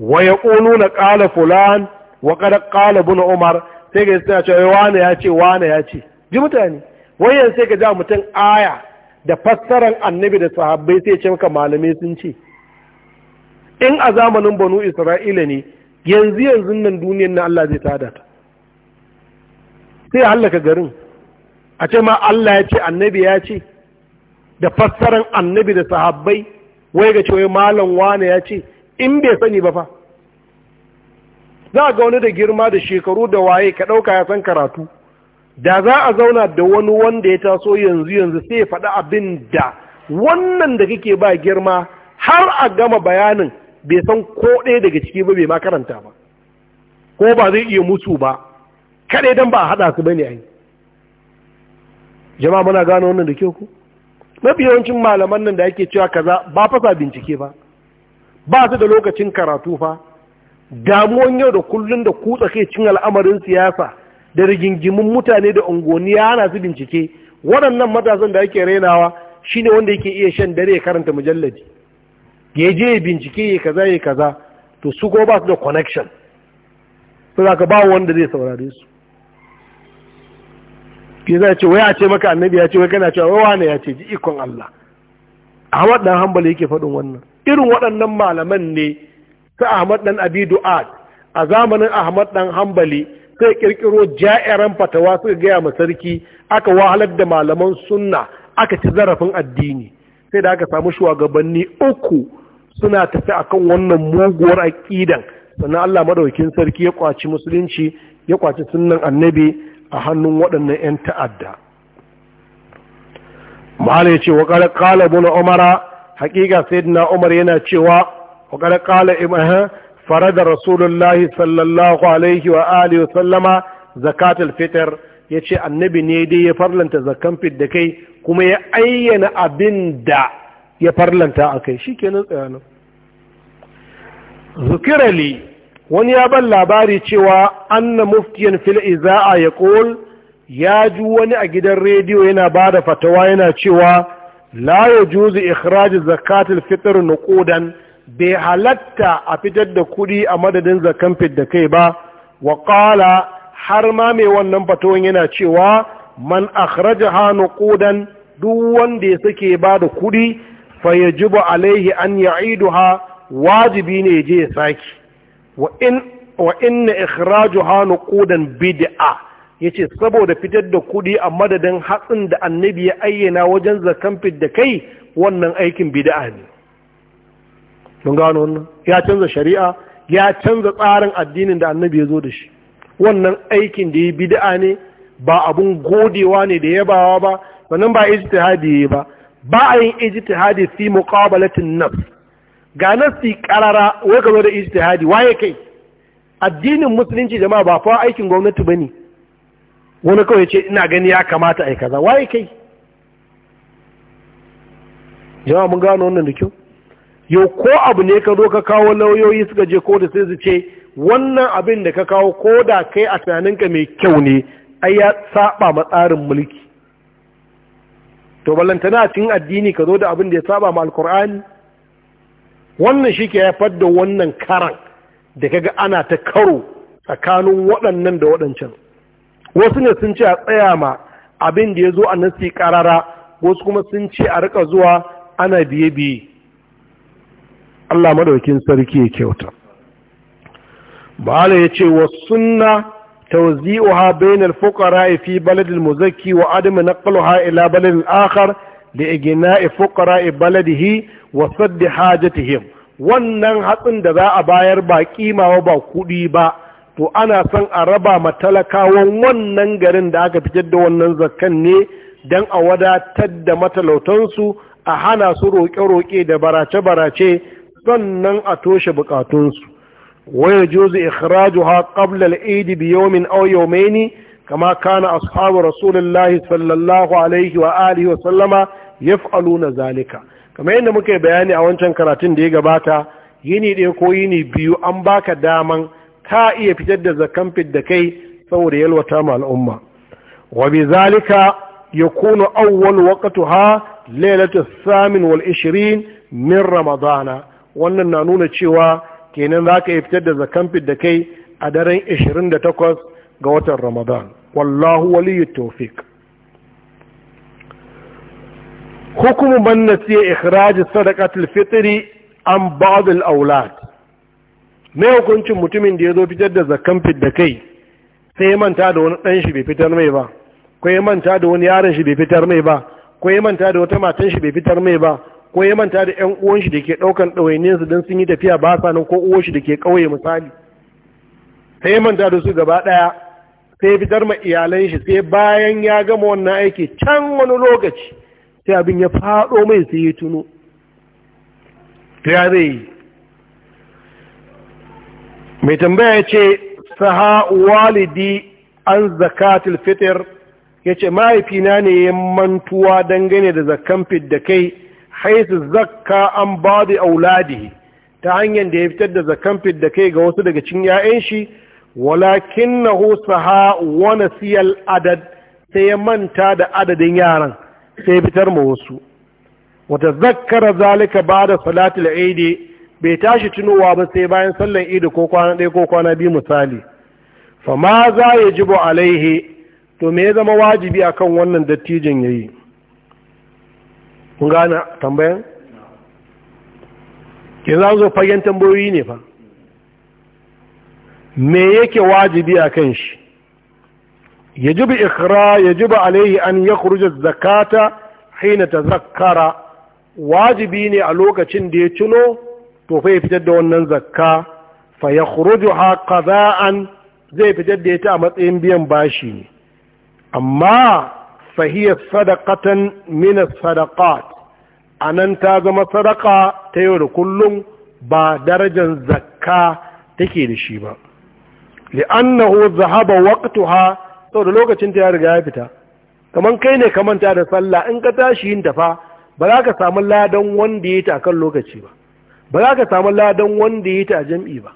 wa yaquluna qala fulan wa qad qala ibn umar sai ga suna cewa wani ya ce wani ya ce ji mutane wayan sai ga mutum aya da fassaran annabi da sahabbai sai ce maka malamai sun ce in a zamanin banu isra'ila ne yanzu yanzu nan duniyar na Allah zai tada ta sai hallaka garin a ce ma Allah ya ce annabi ya ce da fassaran annabi da sahabbai wai ga cewa malam wane ya ce in bai sani ba fa za ga wani da girma da shekaru da waye ka ɗauka ya san karatu da za a zauna da wani wanda ya taso yanzu yanzu sai ya faɗi abin da wannan da kake ba girma har a gama bayanin bai san ko ɗaya daga ciki ba bai ma karanta ba ko ba zai iya mutu ba kaɗai don ba a haɗa su ba ne a yi jama'a muna gano wannan da kyau ku mafi yawancin malaman nan da ake cewa kaza ba fasa bincike ba ba su da lokacin karatu fa damuwan yau da kullun da kutsa kai cin al'amarin siyasa da rigingimin mutane da unguwanni ya hana su bincike waɗannan matasan da ake rainawa shine wanda yake iya shan dare ya karanta mujalladi ya je ya bincike ya kaza ya kaza to su ko ba su da connection sai ka ba wanda zai saurare su ke za ce waya ce maka annabi ya ce wai kana cewa wawa ne ya ce ji ikon Allah Ahmad dan Hanbali yake faɗin wannan irin waɗannan malaman ne ta Ahmad dan Abidu Du'ad a zamanin Ahmad dan Hambali sai kirkiro ja'iran fatawa suka gaya ma sarki aka wahalar da malaman sunna aka ci zarafin addini sai da aka samu shugabanni uku suna tafi akan wannan muguwar aƙidan sannan Allah madaukin sarki ya kwaci musulunci ya kwaci sunnan annabi a hannun waɗannan 'yan ta'adda mahala ya ce wa ƙarar ƙala buna umara haƙiƙa sayyidina umar yana cewa wa ƙarar ƙala imaha eh, fara da rasulullahi sallallahu alaihi wa alihi wa sallama zakatul fitar ya ce annabi ne dai ya farlanta zakan fit da kai kuma ya ayyana abin da ya farlanta a kai shi kenan tsayanin zukirali wani ya ban labari cewa anna muftiyan za a ya ƙol ya ji wani a gidan rediyo yana ba da fatawa yana cewa layo juzi ikhraji ikhraj zakatul fitr nuqudan bai halatta a fitar da kuɗi a madadin zakan fit da kai ba wa ƙala har ma mai wannan fatawan yana cewa man ha nuqudan duk wanda ya sake ba da kuɗi fa yajibu alaihi an ya ya'iduha wajibi ne je ya saki wa hannu ikhrajuha nuqudan bid'a ce saboda fitar da kuɗi a madadin hatsin da annabi ya ayyana wajen zakan da kai wannan aikin bid'a ne mun gano wannan ya canza shari'a ya canza tsarin addinin da annabi ya zo da shi wannan aikin da ya bid'a ne ba abun godewa ne da yabawa ba sannan ba ijtihadi ba ba a yin ijtihadi fi muqabalatin nafs ga nasi karara wai ka zo da ijtihadi waye kai addinin musulunci jama'a ba fa aikin gwamnati bane wani kawai ce ina gani ya kamata ai kaza waye kai jama'a mun gano wannan da kyau yau ko abu ne ka zo ka kawo lauyoyi suka je ko da sai su ce wannan abin da ka kawo ko da kai a tunaninka mai kyau ne ai ya saba ma tsarin mulki to ballantana a cikin addini ka zo da abin da ya saba ma alkur'ani wannan shi ke haifar da wannan karan da kaga ana ta karo tsakanin waɗannan da waɗancan wasu ne sun ce a tsaya ma abin da ya zo a nasi karara wasu kuma sun ce a rika zuwa ana biye-biye Allah madaukin sarki ya kyauta bala ya ce wa sunna tawzi'uha bainal fuqara fi baladil muzakki wa adam naqluha ila baladin akhar da فقراء بلده baladihi حاجتهم hajatihim wannan hatsin da za a bayar ba kimawa ba kuɗi ba to ana son a raba ma talakawan wannan garin da aka fitar da wannan zakkan ne don a wadatar da matalautansu a hana su roƙe-roƙe da barace-barace sannan a toshe bukatunsu waya juzu ikhrajuha qabla al-eid bi yawmin aw yawmayni kama kana ashabu rasulullahi sallallahu alaihi wa alihi wa sallama yaf'aluna zalika kamar yadda muka yi bayani a wancan karatun da ya gabata yini ɗaya ko yini biyu an baka daman ka iya fitar da zakan da kai saboda yalwata ma al'umma wa bi zalika yakunu awwal waqtuha lailatul samin wal 20 min ramadana wannan na nuna cewa kenan zaka iya fitar da zakan da kai a daren 28 ga watan ramadan wallahu waliyu tofik. hukumu man nasiya ikhraj sadaqatul fitri an ba'd al awlad me hukuncin mutumin da ya zo fitar da zakan da kai sai ya manta da wani dan shi bai fitar mai ba ko ya manta da wani yaron shi bai fitar mai ba ko ya manta da wata matan shi bai fitar mai ba ko ya manta da ƴan uwan shi da ke ɗaukan ɗawainiyar su don sun yi tafiya ba sa nan ko uwan shi da ke ƙauye misali sai ya manta da su gaba ɗaya sai fitar ma iyalan shi sai bayan ya gama wannan aiki can wani lokaci sai abin ya faɗo mai sai ya tuno ya zai yi mai tambaya ce saha walidi an zakatul fitar ya ce mahaifina ne ya mantuwa dangane da zakan da kai haisu zakka an ba da auladi ta hanyar da ya fitar da zakan da kai ga wasu daga cin 'ya'yan shi husa saha wa nasiyal adad sai ya manta da adadin yaran sai fitar ma wasu wata zakkara zalika ba da salatul aidi bai tashi tunowa ba sai bayan sallan idi ko kwana ɗaya ko kwana biyu misali fa ma za ya alaihi to me ya zama wajibi akan wannan dattijin ya yi kun gane tambayan ke za fagen tambayoyi ne fa me yake wajibi a kan shi yajibu ikra ba alaihi an ya zakata haina ta zakkara wajibi ne a lokacin da ya cino to fa ya fitar da wannan zakka fa ya ha kaza'an zai fitar da ita a matsayin biyan bashi ne amma fahiyar sadakatan mina sadakat a nan ta zama sadaka ta yau da kullum ba darajar zakka take da shi ba li'annahu zahaba waqtuha lokacin da ya riga ya fita kaman kai ne ka manta da sallah in ka tashi yin tafa ba za ka samu ladan wanda ya ta kan lokaci ba ba za ka samu ladan wanda ya ta jam'i ba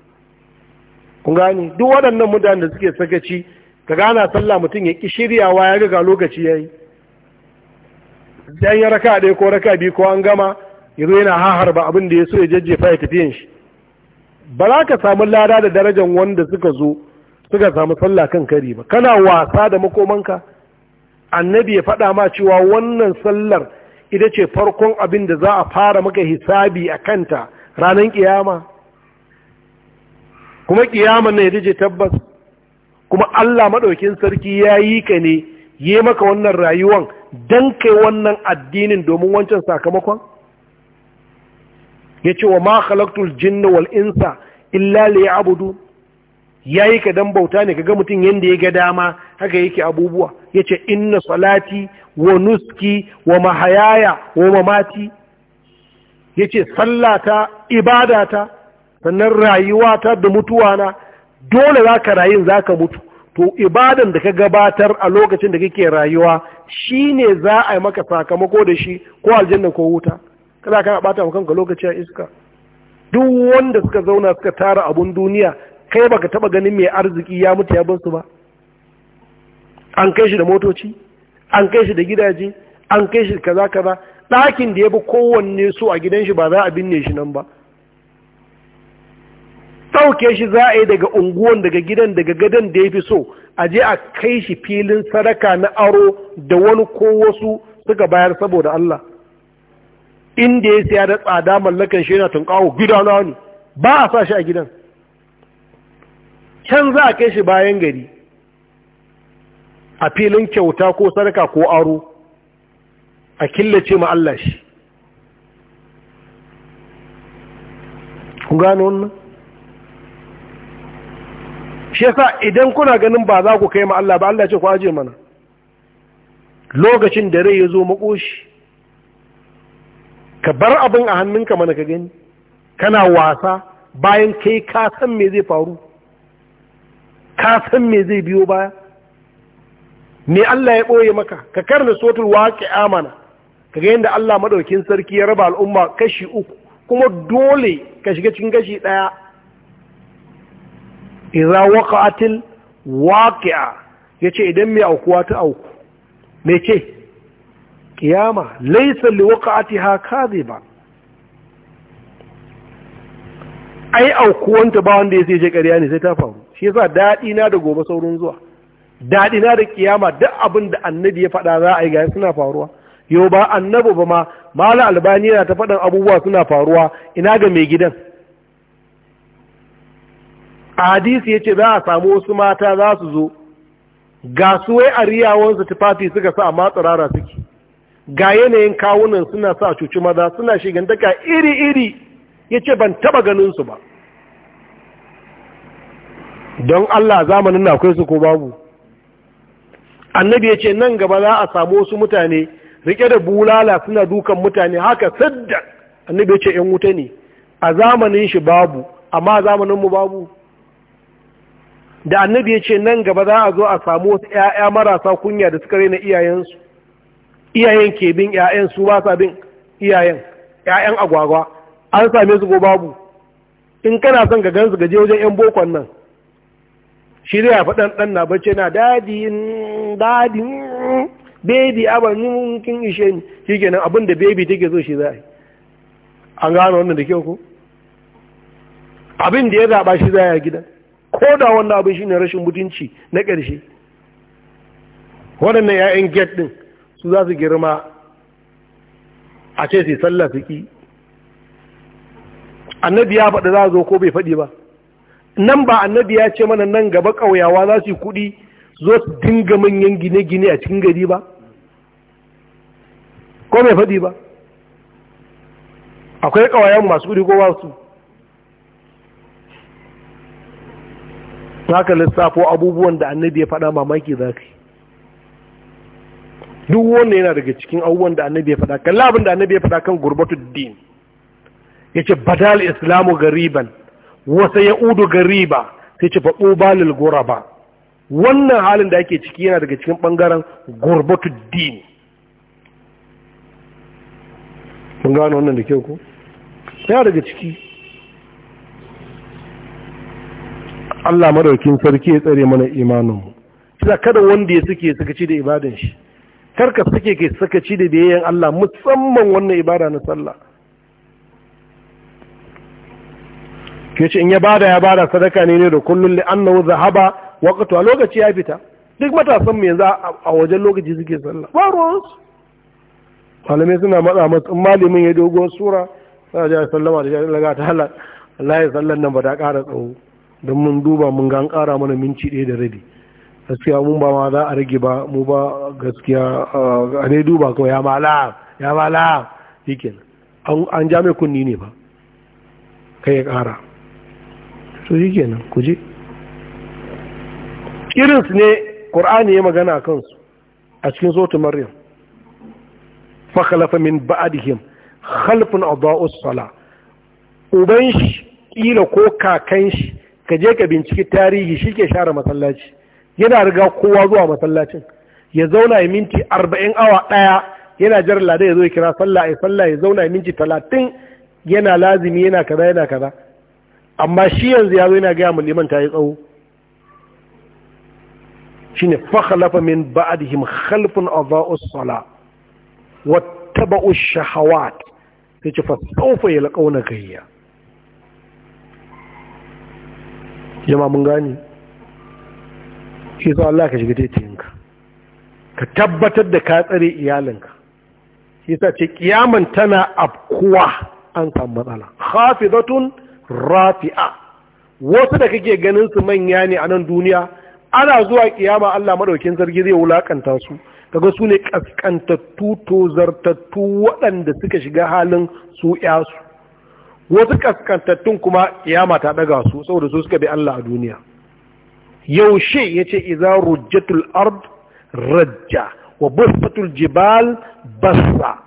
kun gani duk waɗannan mutanen da suke sakaci ka gana sallah mutum ya ki shiryawa ya riga lokaci yayi dan ya raka ɗaya ko raka biyu ko an gama yazo yana hahar ba abin da ya so ya jajjefa ya tafiyan shi ba za ka samu lada da darajan wanda suka zo suka samu sallah kan kari ba kana wasa da makomanka annabi ya faɗa ma cewa wannan sallar ita ce farkon abin da za a fara maka hisabi a kanta ranar kiyama kuma ƙiyama na ita ce tabbas kuma Allah maɗaukin sarki ya yi ka ne yi maka wannan rayuwan don kai wannan addinin domin wancan sakamakon ya ce wa ma jinna wal insa illa ya yi ka dan bauta ne kaga mutum yanda ya ga dama haka yake abubuwa Ya yace inna salati wa nuski wa mahayaya wa mamati ce sallata ibadata sannan rayuwata da mutuwana dole za ka zaka za ka mutu to ibadan da ka gabatar a lokacin da kake rayuwa shine za a yi maka sakamako da shi ko aljanna ko wuta kada ka bata wa kanka lokaci a iska duk wanda suka zauna suka tara abun duniya kai baka taba ganin mai arziki ya mutu ya bar su ba an kai shi da motoci an kai shi da gidaje an kai shi kaza kaza ɗakin da ya bi kowanne su a gidan shi ba za a binne shi nan ba ɗauke shi za a yi daga unguwan daga gidan daga gadon da ya fi so a je a kai shi filin sadaka na aro da wani ko wasu suka bayar saboda Allah inda ya siya da tsada mallakan shi yana tunkawo gida na ba a sa shi a gidan can za a kai shi bayan gari a filin kyauta ko sarka, ko aro a killace ma Allah shi ku gano wannan shi yasa idan kuna ganin ba za ku kai ma Allah ba Allah ce ku aje mana lokacin da rai ya zo makoshi ka bar abin a hannunka mana ka gani kana wasa bayan kai ka san me zai faru ka san me zai biyo baya me Allah ya ɓoye maka ka karna sotul waƙi amana ka ga yadda Allah maɗaukin sarki ya raba al'umma kashi uku kuma dole ka shiga cikin kashi ɗaya idza waqa'atil waqi'a yace idan mai aukuwa ta auku me ce kiyama laisa zai ba. ai aukuwanta ba wanda yace je ƙarya ne sai ta faru shi yasa na da gobe saurin zuwa Daɗi na da kiyama duk abin da annabi ya faɗa za a yi ga suna faruwa yau ba annabi ba ma mala albani yana ta faɗin abubuwa suna faruwa ina ga mai gidan a hadisi ya ce za a samu wasu mata za su zo ga su wai a riyawansu tufafi suka sa amma tsirara suke ga yanayin kawunan suna sa cuci maza suna shigantaka iri-iri ya ce ban taba ganinsu ba don Allah zamanin na akwai su ko babu annabi ya ce nan gaba za a samu wasu mutane rike da bulala suna dukan mutane haka sadda annabi ya ce ‘yan wuta ne a zamanin shi babu amma zamaninmu babu da annabi ya ce nan gaba za a zo a samu wasu ‘ya'ya marasa kunya da suka raina iyayensu iyayen ke bin ƴaƴan su ba sa bin iyayen ƴaƴan agwagwa an same su ko babu in kana son ka gansu gaje wajen yan bokon nan shi zai hafi ɗan ɗan na bacci na dadi dadi baby abin kin ishe ni shi kenan abin da baby take so shi za a yi an gano wannan da kyau ko abin da ya zaɓa shi za a yi gidan ko da wannan abin shi ne rashin mutunci na ƙarshe waɗannan 'ya'yan gate ɗin su za su girma a ce su sallah su annabi ya faɗi za zo ko bai faɗi ba nan ba annabi ya ce mana nan gaba ƙauyawa za su yi kuɗi zo su dinga manyan gine-gine a cikin gari ba ko bai faɗi ba akwai ƙauyen masu kuɗi ko ba su haka lissafo abubuwan da annabi ya faɗa mamaki za ka yi duk wannan yana daga cikin abubuwan da annabi ya faɗa kalla abin da annabi ya faɗa kan gurbatu din yace badal islamu gariban ya udu gariba sai ce faɗo balil guraba wannan halin da ake ciki yana daga cikin ɓangaren gurbatu din Mun gano wannan da kyau ko yana daga ciki Allah madaukin sarki ya tsare mana imaninmu kada wanda ya suke suka ci da ibadan shi karka suke ke sakaci da biyayyen Allah musamman wannan ibada na sallah ke ce in ya bada ya bada sadaka ne ne da kullum an annahu zahaba waqtu a lokaci ya fita duk matasan mai yanzu a wajen lokaci suke sallah ba ruwansu malamai suna matsa masu in malamin ya dogo sura sai ya sallama da jami'in laga ta halal Allah ya sallan nan ba ta ƙara tsawo don mun duba mun ga an ƙara mana minci ɗaya da rabi gaskiya mun ba ma za a rage ba mu ba gaskiya a ne duba kawai ya mala ya mala yake an ja mai kunni ne ba kai ya kara so yake nan ku je irinsu ne ƙur'ani ya magana a kansu a cikin sautin maryam khalafa min ba'dihim khalfun adaa'us sala uban shi kila ko kakan shi ka je ka binciki tarihi shi ke share masallaci yana riga kowa zuwa masallacin ya zauna ya minti arba'in awa ɗaya yana jar lada ya zo ya kira sallah ya sallah ya zauna ya minti talatin yana lazimi yana kaza yana kaza amma shi yanzu ya zo yana gaya mu liman ta yi tsawo shine fakhalafa min ba'dihim khalfun adha'u as-salah wattaba'u shahawat sai yace fa ya laƙauna gayya. jama'a mun gani kake so Allah ka shiga taitayinka ka tabbatar da ka tsare iyalinka shi sa ce kiyaman tana afkuwa an samu matsala hafizatun rafi'a wasu da kake ganin su manya ne a nan duniya ana zuwa kiyama Allah madaukin sarki zai wulakanta su kaga su ne kaskantattu zartattu waɗanda suka shiga halin su yasu wasu kaskantattun kuma kiyama ta daga su saboda su suka bi Allah a duniya yaushe ya ce iza rujjatul ard rajja wa busfatul jibal Basa.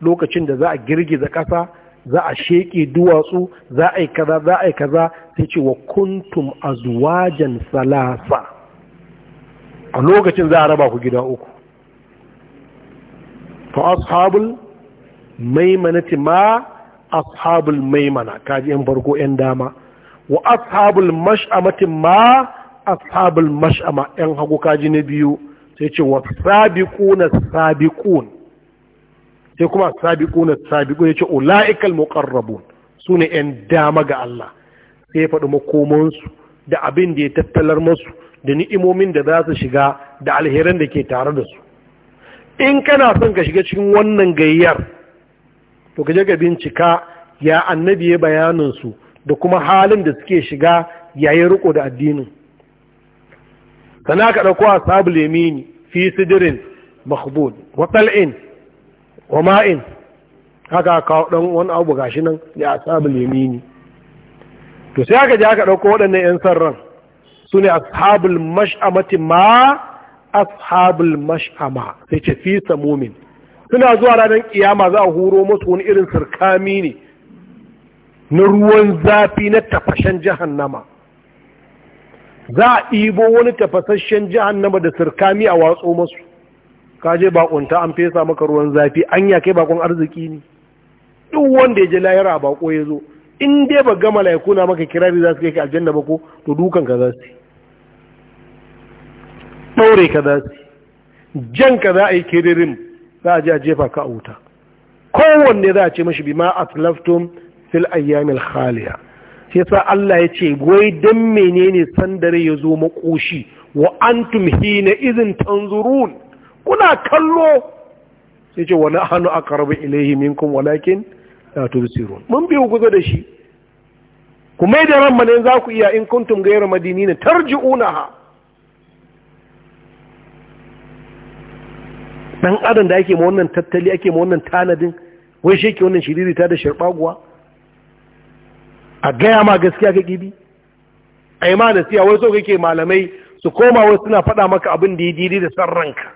lokacin da za a girgiza ƙasa za a sheƙe duwatsu za a yi kaza za a yi kaza sai ce wa kuntum azwajan salasa a lokacin za a raba ku gida uku fa ashabul maimanati ma ashabul maimana kaji yan farko yan dama wa ashabul mash'amati ma ashabul mash'ama yan hagu kaji na biyu sai ce wa sabiquna sabiqun sai kuma sabiquna sabiqun yace ulaikal muqarrabun sune yan dama ga Allah sai ya faɗi makomansu da abin da ya tattalar masu da ni'imomin da za su shiga da alheran da ke tare da su in kana son ka shiga cikin wannan gayyar to ka je ka bincika ya annabi ya bayanin su da kuma halin da suke shiga yayin riko da addinin sana ka ɗauko sabu yamini fi sidirin makhbud wa tal'in wa ma'in haka kawo ɗan wani abu gashi nan da ashabul yamini to sai aka je aka ɗauko waɗannan 'yan sarran su ne ashabul mash'amati ma ashabul mash'ama sai ce fi samumin suna zuwa ranar kiyama za a huro musu wani irin sirkami ne na ruwan zafi na tafashen jahannama za a ibo wani tafasasshen nama da sirkami a watso masu kaje bakunta an fesa maka ruwan zafi an ya kai bakon arziki ne duk wanda ya je lahira a bako ya zo in dai ba gama laikuna maka kirari za su kai ka aljanna ba ko to dukan ka za su ɗaure ka za su jan ka za a yi kiririn za a je a jefa ka a wuta kowanne za a ce mashi ma atlaftum fil ayyamil khaliya shi yasa Allah ya ce wai dan menene sandare ya zo makoshi wa antum hina idhin tanzurun kuna kallo sai ce hannu nahnu aqrabu ilayhi minkum walakin la tubsirun mun bi kusa da shi ku mai da ranma ne za ku iya in kuntum na madinina tarji'unaha dan adam da ake ma wannan tattali ake ma wannan tanadin wai shi ke wannan shiriri ta da sharbaguwa a gaya ma gaskiya ga gibi a yi ma nasiya wai so kake malamai su koma wai suna faɗa maka abin da ya jiri da san ranka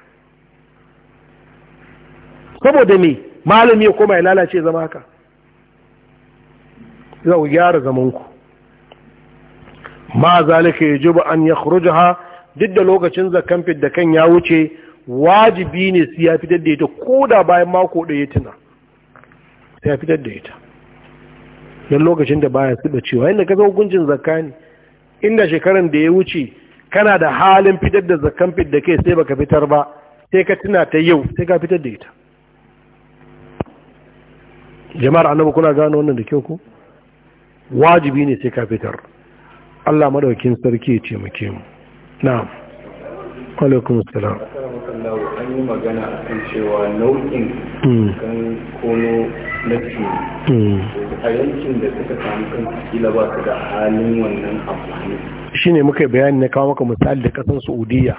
saboda me malami ya koma ya lalace zama haka za ku gyara zamanku ma zalika ya ji ba an ya ha duk da lokacin zakan fit da kan ya wuce wajibi ne su ya fitar da ita ko da bayan mako ɗaya tuna sai ya fitar da ita don lokacin da baya da cewa inda ka ga hukuncin zakka ne inda shekaran da ya wuce kana da halin fitar da zakkan fit da kai sai baka fitar ba sai ka tuna ta yau sai ka fitar da ita jama'ar annabi kuna gano wannan da kyau ko wajibi ne sai ka fitar Allah madaukakin sarki ya taimake mu na'am alaikum assalam an yi magana akan cewa nau'in hmm. kan kono na a yankin da suka samu kan kila ba su da halin wannan amfani shine muka bayani na kawo maka misali da kasan saudiya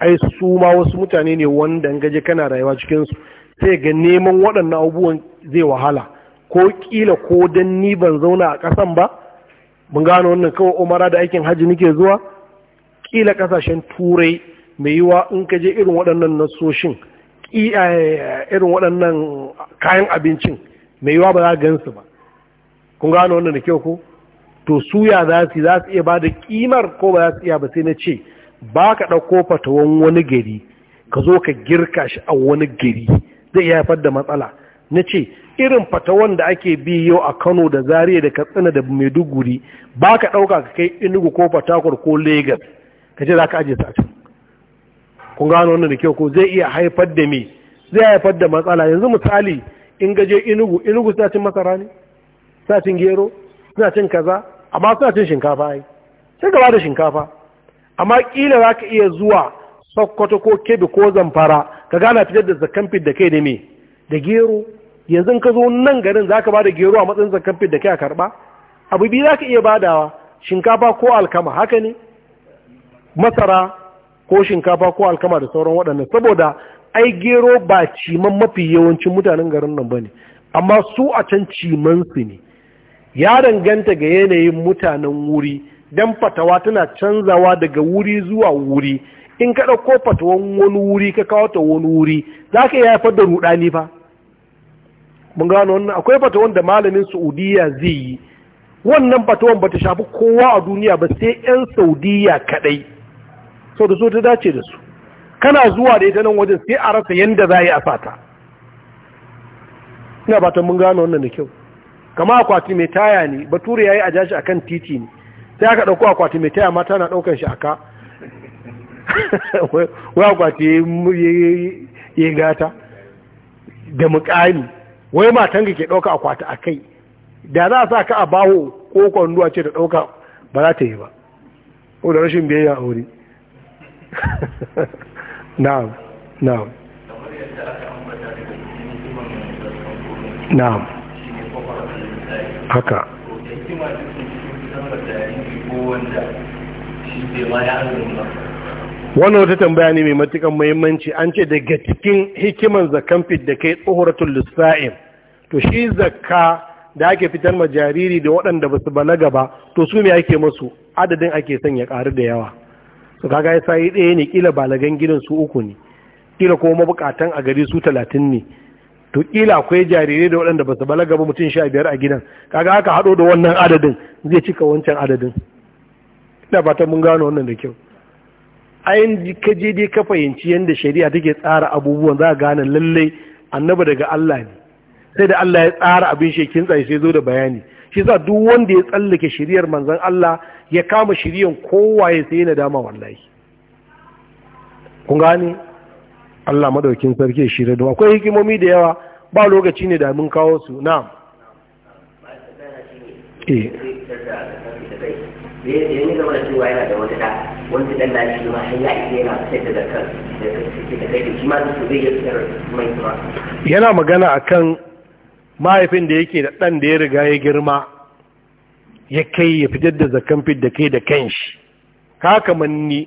ai su ma wasu mutane ne wanda gaje kana rayuwa cikinsu sai ga neman waɗannan abubuwan zai wahala ko kila ko dan ni ban zauna a ƙasan ba mun gano wannan kawai umara da aikin hajji nake zuwa kila kasashen turai mai yiwa in ka je irin waɗannan nasoshin eh, irin waɗannan kayan abincin mai yiwa ba za gansu ba kun gano wannan da kyau ko to suya za su za su iya ba da kimar ko ba za su iya ba sai na ce ba ka ɗauko fatawan wani gari ka zo ka girka shi a wani gari zai iya haifar da matsala na ce irin fatawan da ake bi yau a kano da zariya da katsina da maiduguri ba ka ɗauka ka kai inugu ko fatakwar ko Legas ka ce za ka ajiye sa kun gano wannan da kyau ko zai iya haifar da me zai haifar da matsala yanzu misali in gaje inugu inugu suna cin masara ne suna cin gero suna cin kaza amma suna cin shinkafa ai sai gaba da shinkafa amma kila za ka iya zuwa sokoto ko kebe ko zamfara ka gana fitar da zakan fit da kai da me da gero yanzu ka zo nan garin za ka ba da gero a matsayin zakan fit da kai a karba abu biyu za ka iya badawa shinkafa ko alkama haka ne masara ko shinkafa ko alkama da sauran waɗannan saboda ai gero ba ciman mafi yawancin mutanen garin nan ba ne amma su a can cimansu ne ya danganta ga yanayin mutanen wuri don fatawa tana canzawa daga wuri zuwa wuri in ka ɗauko fatawan wani wuri ka kawo ta wani wuri za ka iya haifar da ruɗani fa mun gano wannan akwai fatawan da malamin saudiya zai yi wannan fatawan ba ta shafi kowa a duniya ba sai 'yan saudiya kaɗai sau da so ta dace da su kana zuwa da ita nan wajen sai a rasa yadda za a yi a sata ina ba ta mun gano wannan da kyau kama akwati mai taya ne bature ya yi a jashi a titi ne sai aka ɗauko akwati mai taya mata na ɗaukan shi a wai akwati ya yi gata da mukami wai matan ke ɗauka akwati a kai da za a sa ka a bawo ko kwanduwa ce da ɗauka ba za ta yi ba ko da rashin biyayya a wuri na'am na'am na'am haka wannan wata tambaya ne mai matukan muhimmanci an ce daga cikin hikiman zakan fit da kai tsohuratun lissa'in to shi zakka da ake fitar ma jariri da waɗanda ba su balaga ba to su ne ake masu adadin ake son ya ƙaru da yawa su kaga ya sayi ɗaya ne kila balagan gidan su uku ne kila kuma mabukatan a gari su talatin ne to kila akwai jarirai da waɗanda ba su balaga ba mutum sha biyar a gidan kaga aka haɗo da wannan adadin zai cika wancan adadin ina fatan mun gano wannan da kyau ayin ka je dai ka fahimci yadda shari'a take tsara abubuwan za a gane lallai annaba daga Allah ne sai da Allah ya tsara abin shekin tsaye sai zo da bayani shi za duk wanda ya tsallake shiriyar manzan Allah ya kama shiriyar kowa ya sai na dama wallahi kun gane Allah madaukin sarki shi da akwai hikimomi da yawa ba lokaci ne da mun kawo su na'am yana magana a kan. magana akan mahaifin da yake da ɗan da ya riga ya girma ya kai ya fitar da zakan fit da kai da kanshi kaka manni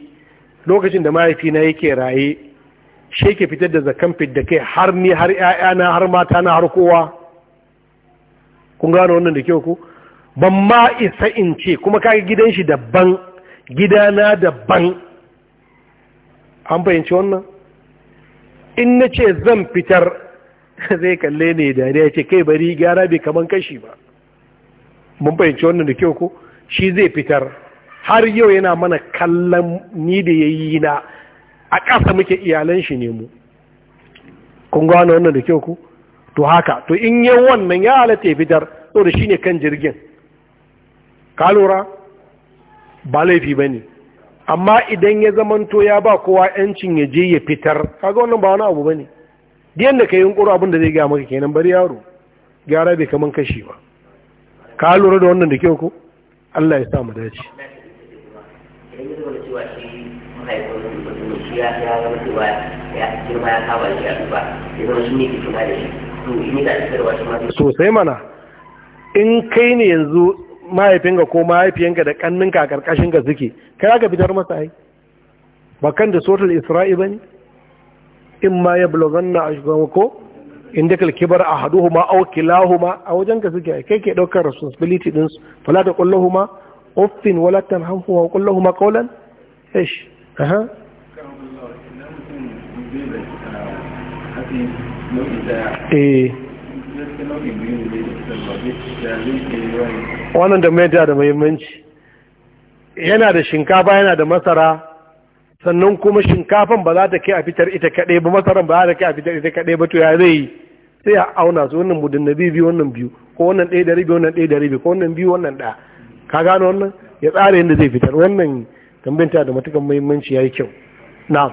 lokacin da mahaifina yake raye shi ke fitar da zakan fit da kai har ni har ‘ya'yana har mata na har kowa kun gano wannan da kyau ku ban ma isa in ce kuma kaga gidan shi daban gidana daban an fahimci wannan in na ce zan fitar zai kalle ne dariya ce kai bari gyara bai kaman kashi ba mun fahimci wannan da kyau ko shi zai fitar har yau yana mana kallon ni da ya yi na a ƙasa muke iyalan shi ne mu kun gano wannan da kyau ko to haka to in yi wannan ya halatta ya fitar to da shi ne kan jirgin ka lura ba laifi ba ne amma idan ya zamanto ya ba kowa yancin ya je ya fitar kaga wannan ba wani abu ba ne diyan da ka yi nkuru abinda da zai gaya maka kenan bari yaro gyara bai kaman kashi ba ka lura da wannan da kyau ko Allah ya sa mu dace sosai mana in kai ne yanzu mahaifinka ko mahaifiyanka da kanninka a karkashinka suke kai aka fitar masa ai bakan da sotar isra'i ba ne in ma ya bulozanna a shugaban ko in da bar a a aw lahuma a wajen ka suke kai ke ɗaukar responsibility din su fala ƙwallo huma uffin wala tanhamhuma wa huma qawlan ish aha eh. wannan da mai da muhimmanci yana da shinkafa yana da masara sannan kuma shinkafan ba za ta kai a fitar ita kaɗai ba masaran ba za ta kai a fitar ita kaɗai ba to ya zai yi sai a auna su wannan na biyu wannan biyu ko wannan ɗaya da rabi wannan ɗaya da rabi ko wannan biyu wannan ɗaya ka gano wannan ya tsara yadda zai fitar wannan tambinta da matukan muhimmanci ya yi kyau na'am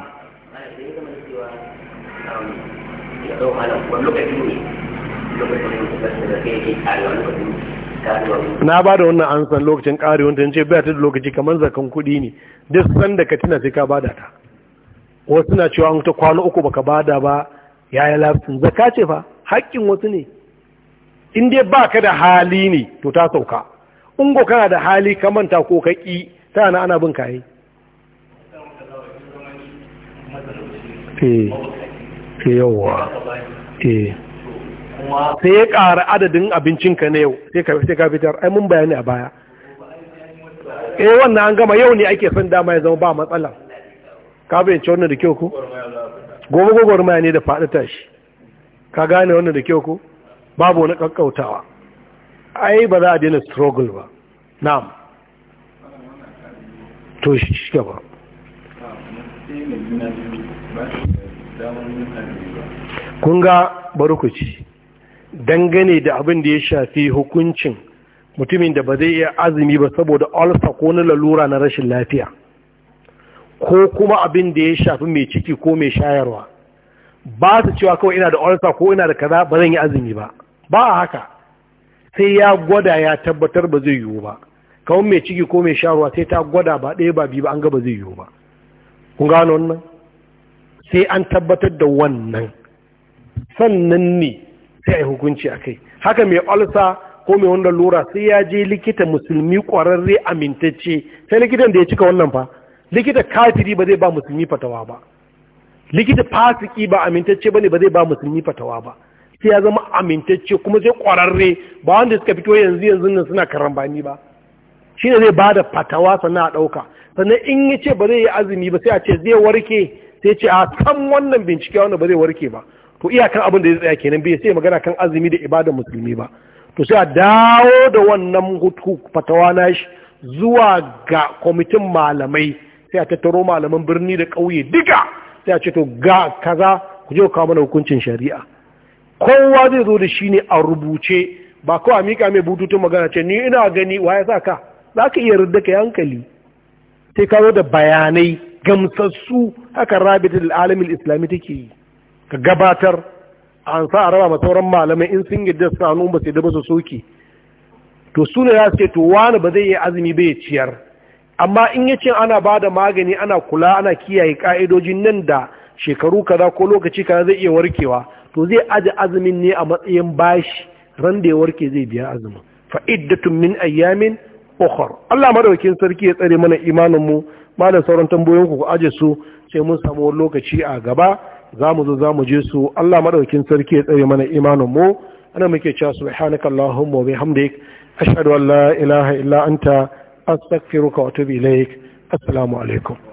wani ne lokacin kai lokacin na ba da wannan an san lokacin ƙari wanda ce bai ta da lokaci kamar zakan kuɗi ne duk san da ka tuna sai ka bada ta wasu na cewa an ta kwana uku baka bada ba ya yi lafsin zaka ce fa haƙƙin wasu ne in dai ba ka da hali ne to ta sauka in go kana da hali ka manta ko ka ƙi ta na ana bin kayi yawwa eh, eh sai ya ƙara adadin abincinka na yau sai ka fitar ai mun bayani a baya eh wannan an gama yau ne ake son dama ya zama ba matsala ka bayyance wannan da kyau ko gobe gogor maya ne da faɗi tashi ka gane wannan da kyau ko babu wani kakkautawa ai ba za a daina struggle ba na'am to shi shi gaba kun ga bari ku ci dangane da abin da ya shafi hukuncin mutumin da ba zai iya azumi ba saboda ulcer ko na lalura na rashin lafiya ko kuma abin da ya shafi mai ciki ko mai shayarwa ba su cewa kawai ina da ulcer ko ina da kaza ba zan yi azumi ba ba a haka sai ya gwada ya tabbatar ba zai yiwu ba kawai mai ciki ko mai shayarwa sai ta gwada ba ɗaya ba biyu ba an ga ba zai yiwu ba kun gano wannan sai an tabbatar da wannan sannan ne sai a yi hukunci a kai haka mai olsa ko mai wanda lura sai ya je likita musulmi ƙwararre amintacce sai likitan da ya cika wannan fa likita kafiri ba zai ba musulmi fatawa ba likita fasiki ba amintacce ba ne ba zai ba musulmi fatawa ba sai ya zama amintacce kuma sai ƙwararre ba wanda suka fito yanzu yanzu nan suna karambani ba shine zai ba da fatawa sannan a ɗauka sannan in ya ce ba zai yi azumi ba sai a ce zai warke sai ce a kan wannan bincike wanda ba zai warke ba to iyakan abin da ya tsaya kenan bai sai magana kan azumi da ibadar musulmi ba to sai a dawo da wannan hutu fatawa shi zuwa ga kwamitin malamai sai a tattaro malaman birni da ƙauye duka sai a ce to ga kaza ku je kawo mana hukuncin shari'a kowa zai zo da shi ne a rubuce ba kawai a miƙa mai bututun magana ce ni ina gani wa ya sa ka za ka iya rudda ka hankali sai ka zo da bayanai gamsassu haka rabitul alamin islami take yi ka gabatar an sa a raba ma sauran malamai in sun yadda su hannu ba sai da ba soke to su ne ce to wani ba zai yi azumi bai ciyar amma in ya ce ana ba da magani ana kula ana kiyaye ka'idojin nan da shekaru kaza ko lokaci kaza zai iya warkewa to zai aje azumin ne a matsayin bashi ran da ya warke zai biya azumin fa'iddatun min ayyamin ukhra Allah madaukakin sarki ya tsare mana imanin mu malam sauran tambayoyinku ku aje su sai mun samu lokaci a gaba za mu zo za mu je su Allah maɗaukin sarki ya tsare mana imanin mu ana muke cewa subhanaka allahumma wa bihamdik ashhadu an la ilaha illa anta astaghfiruka wa atubu ilaik assalamu alaikum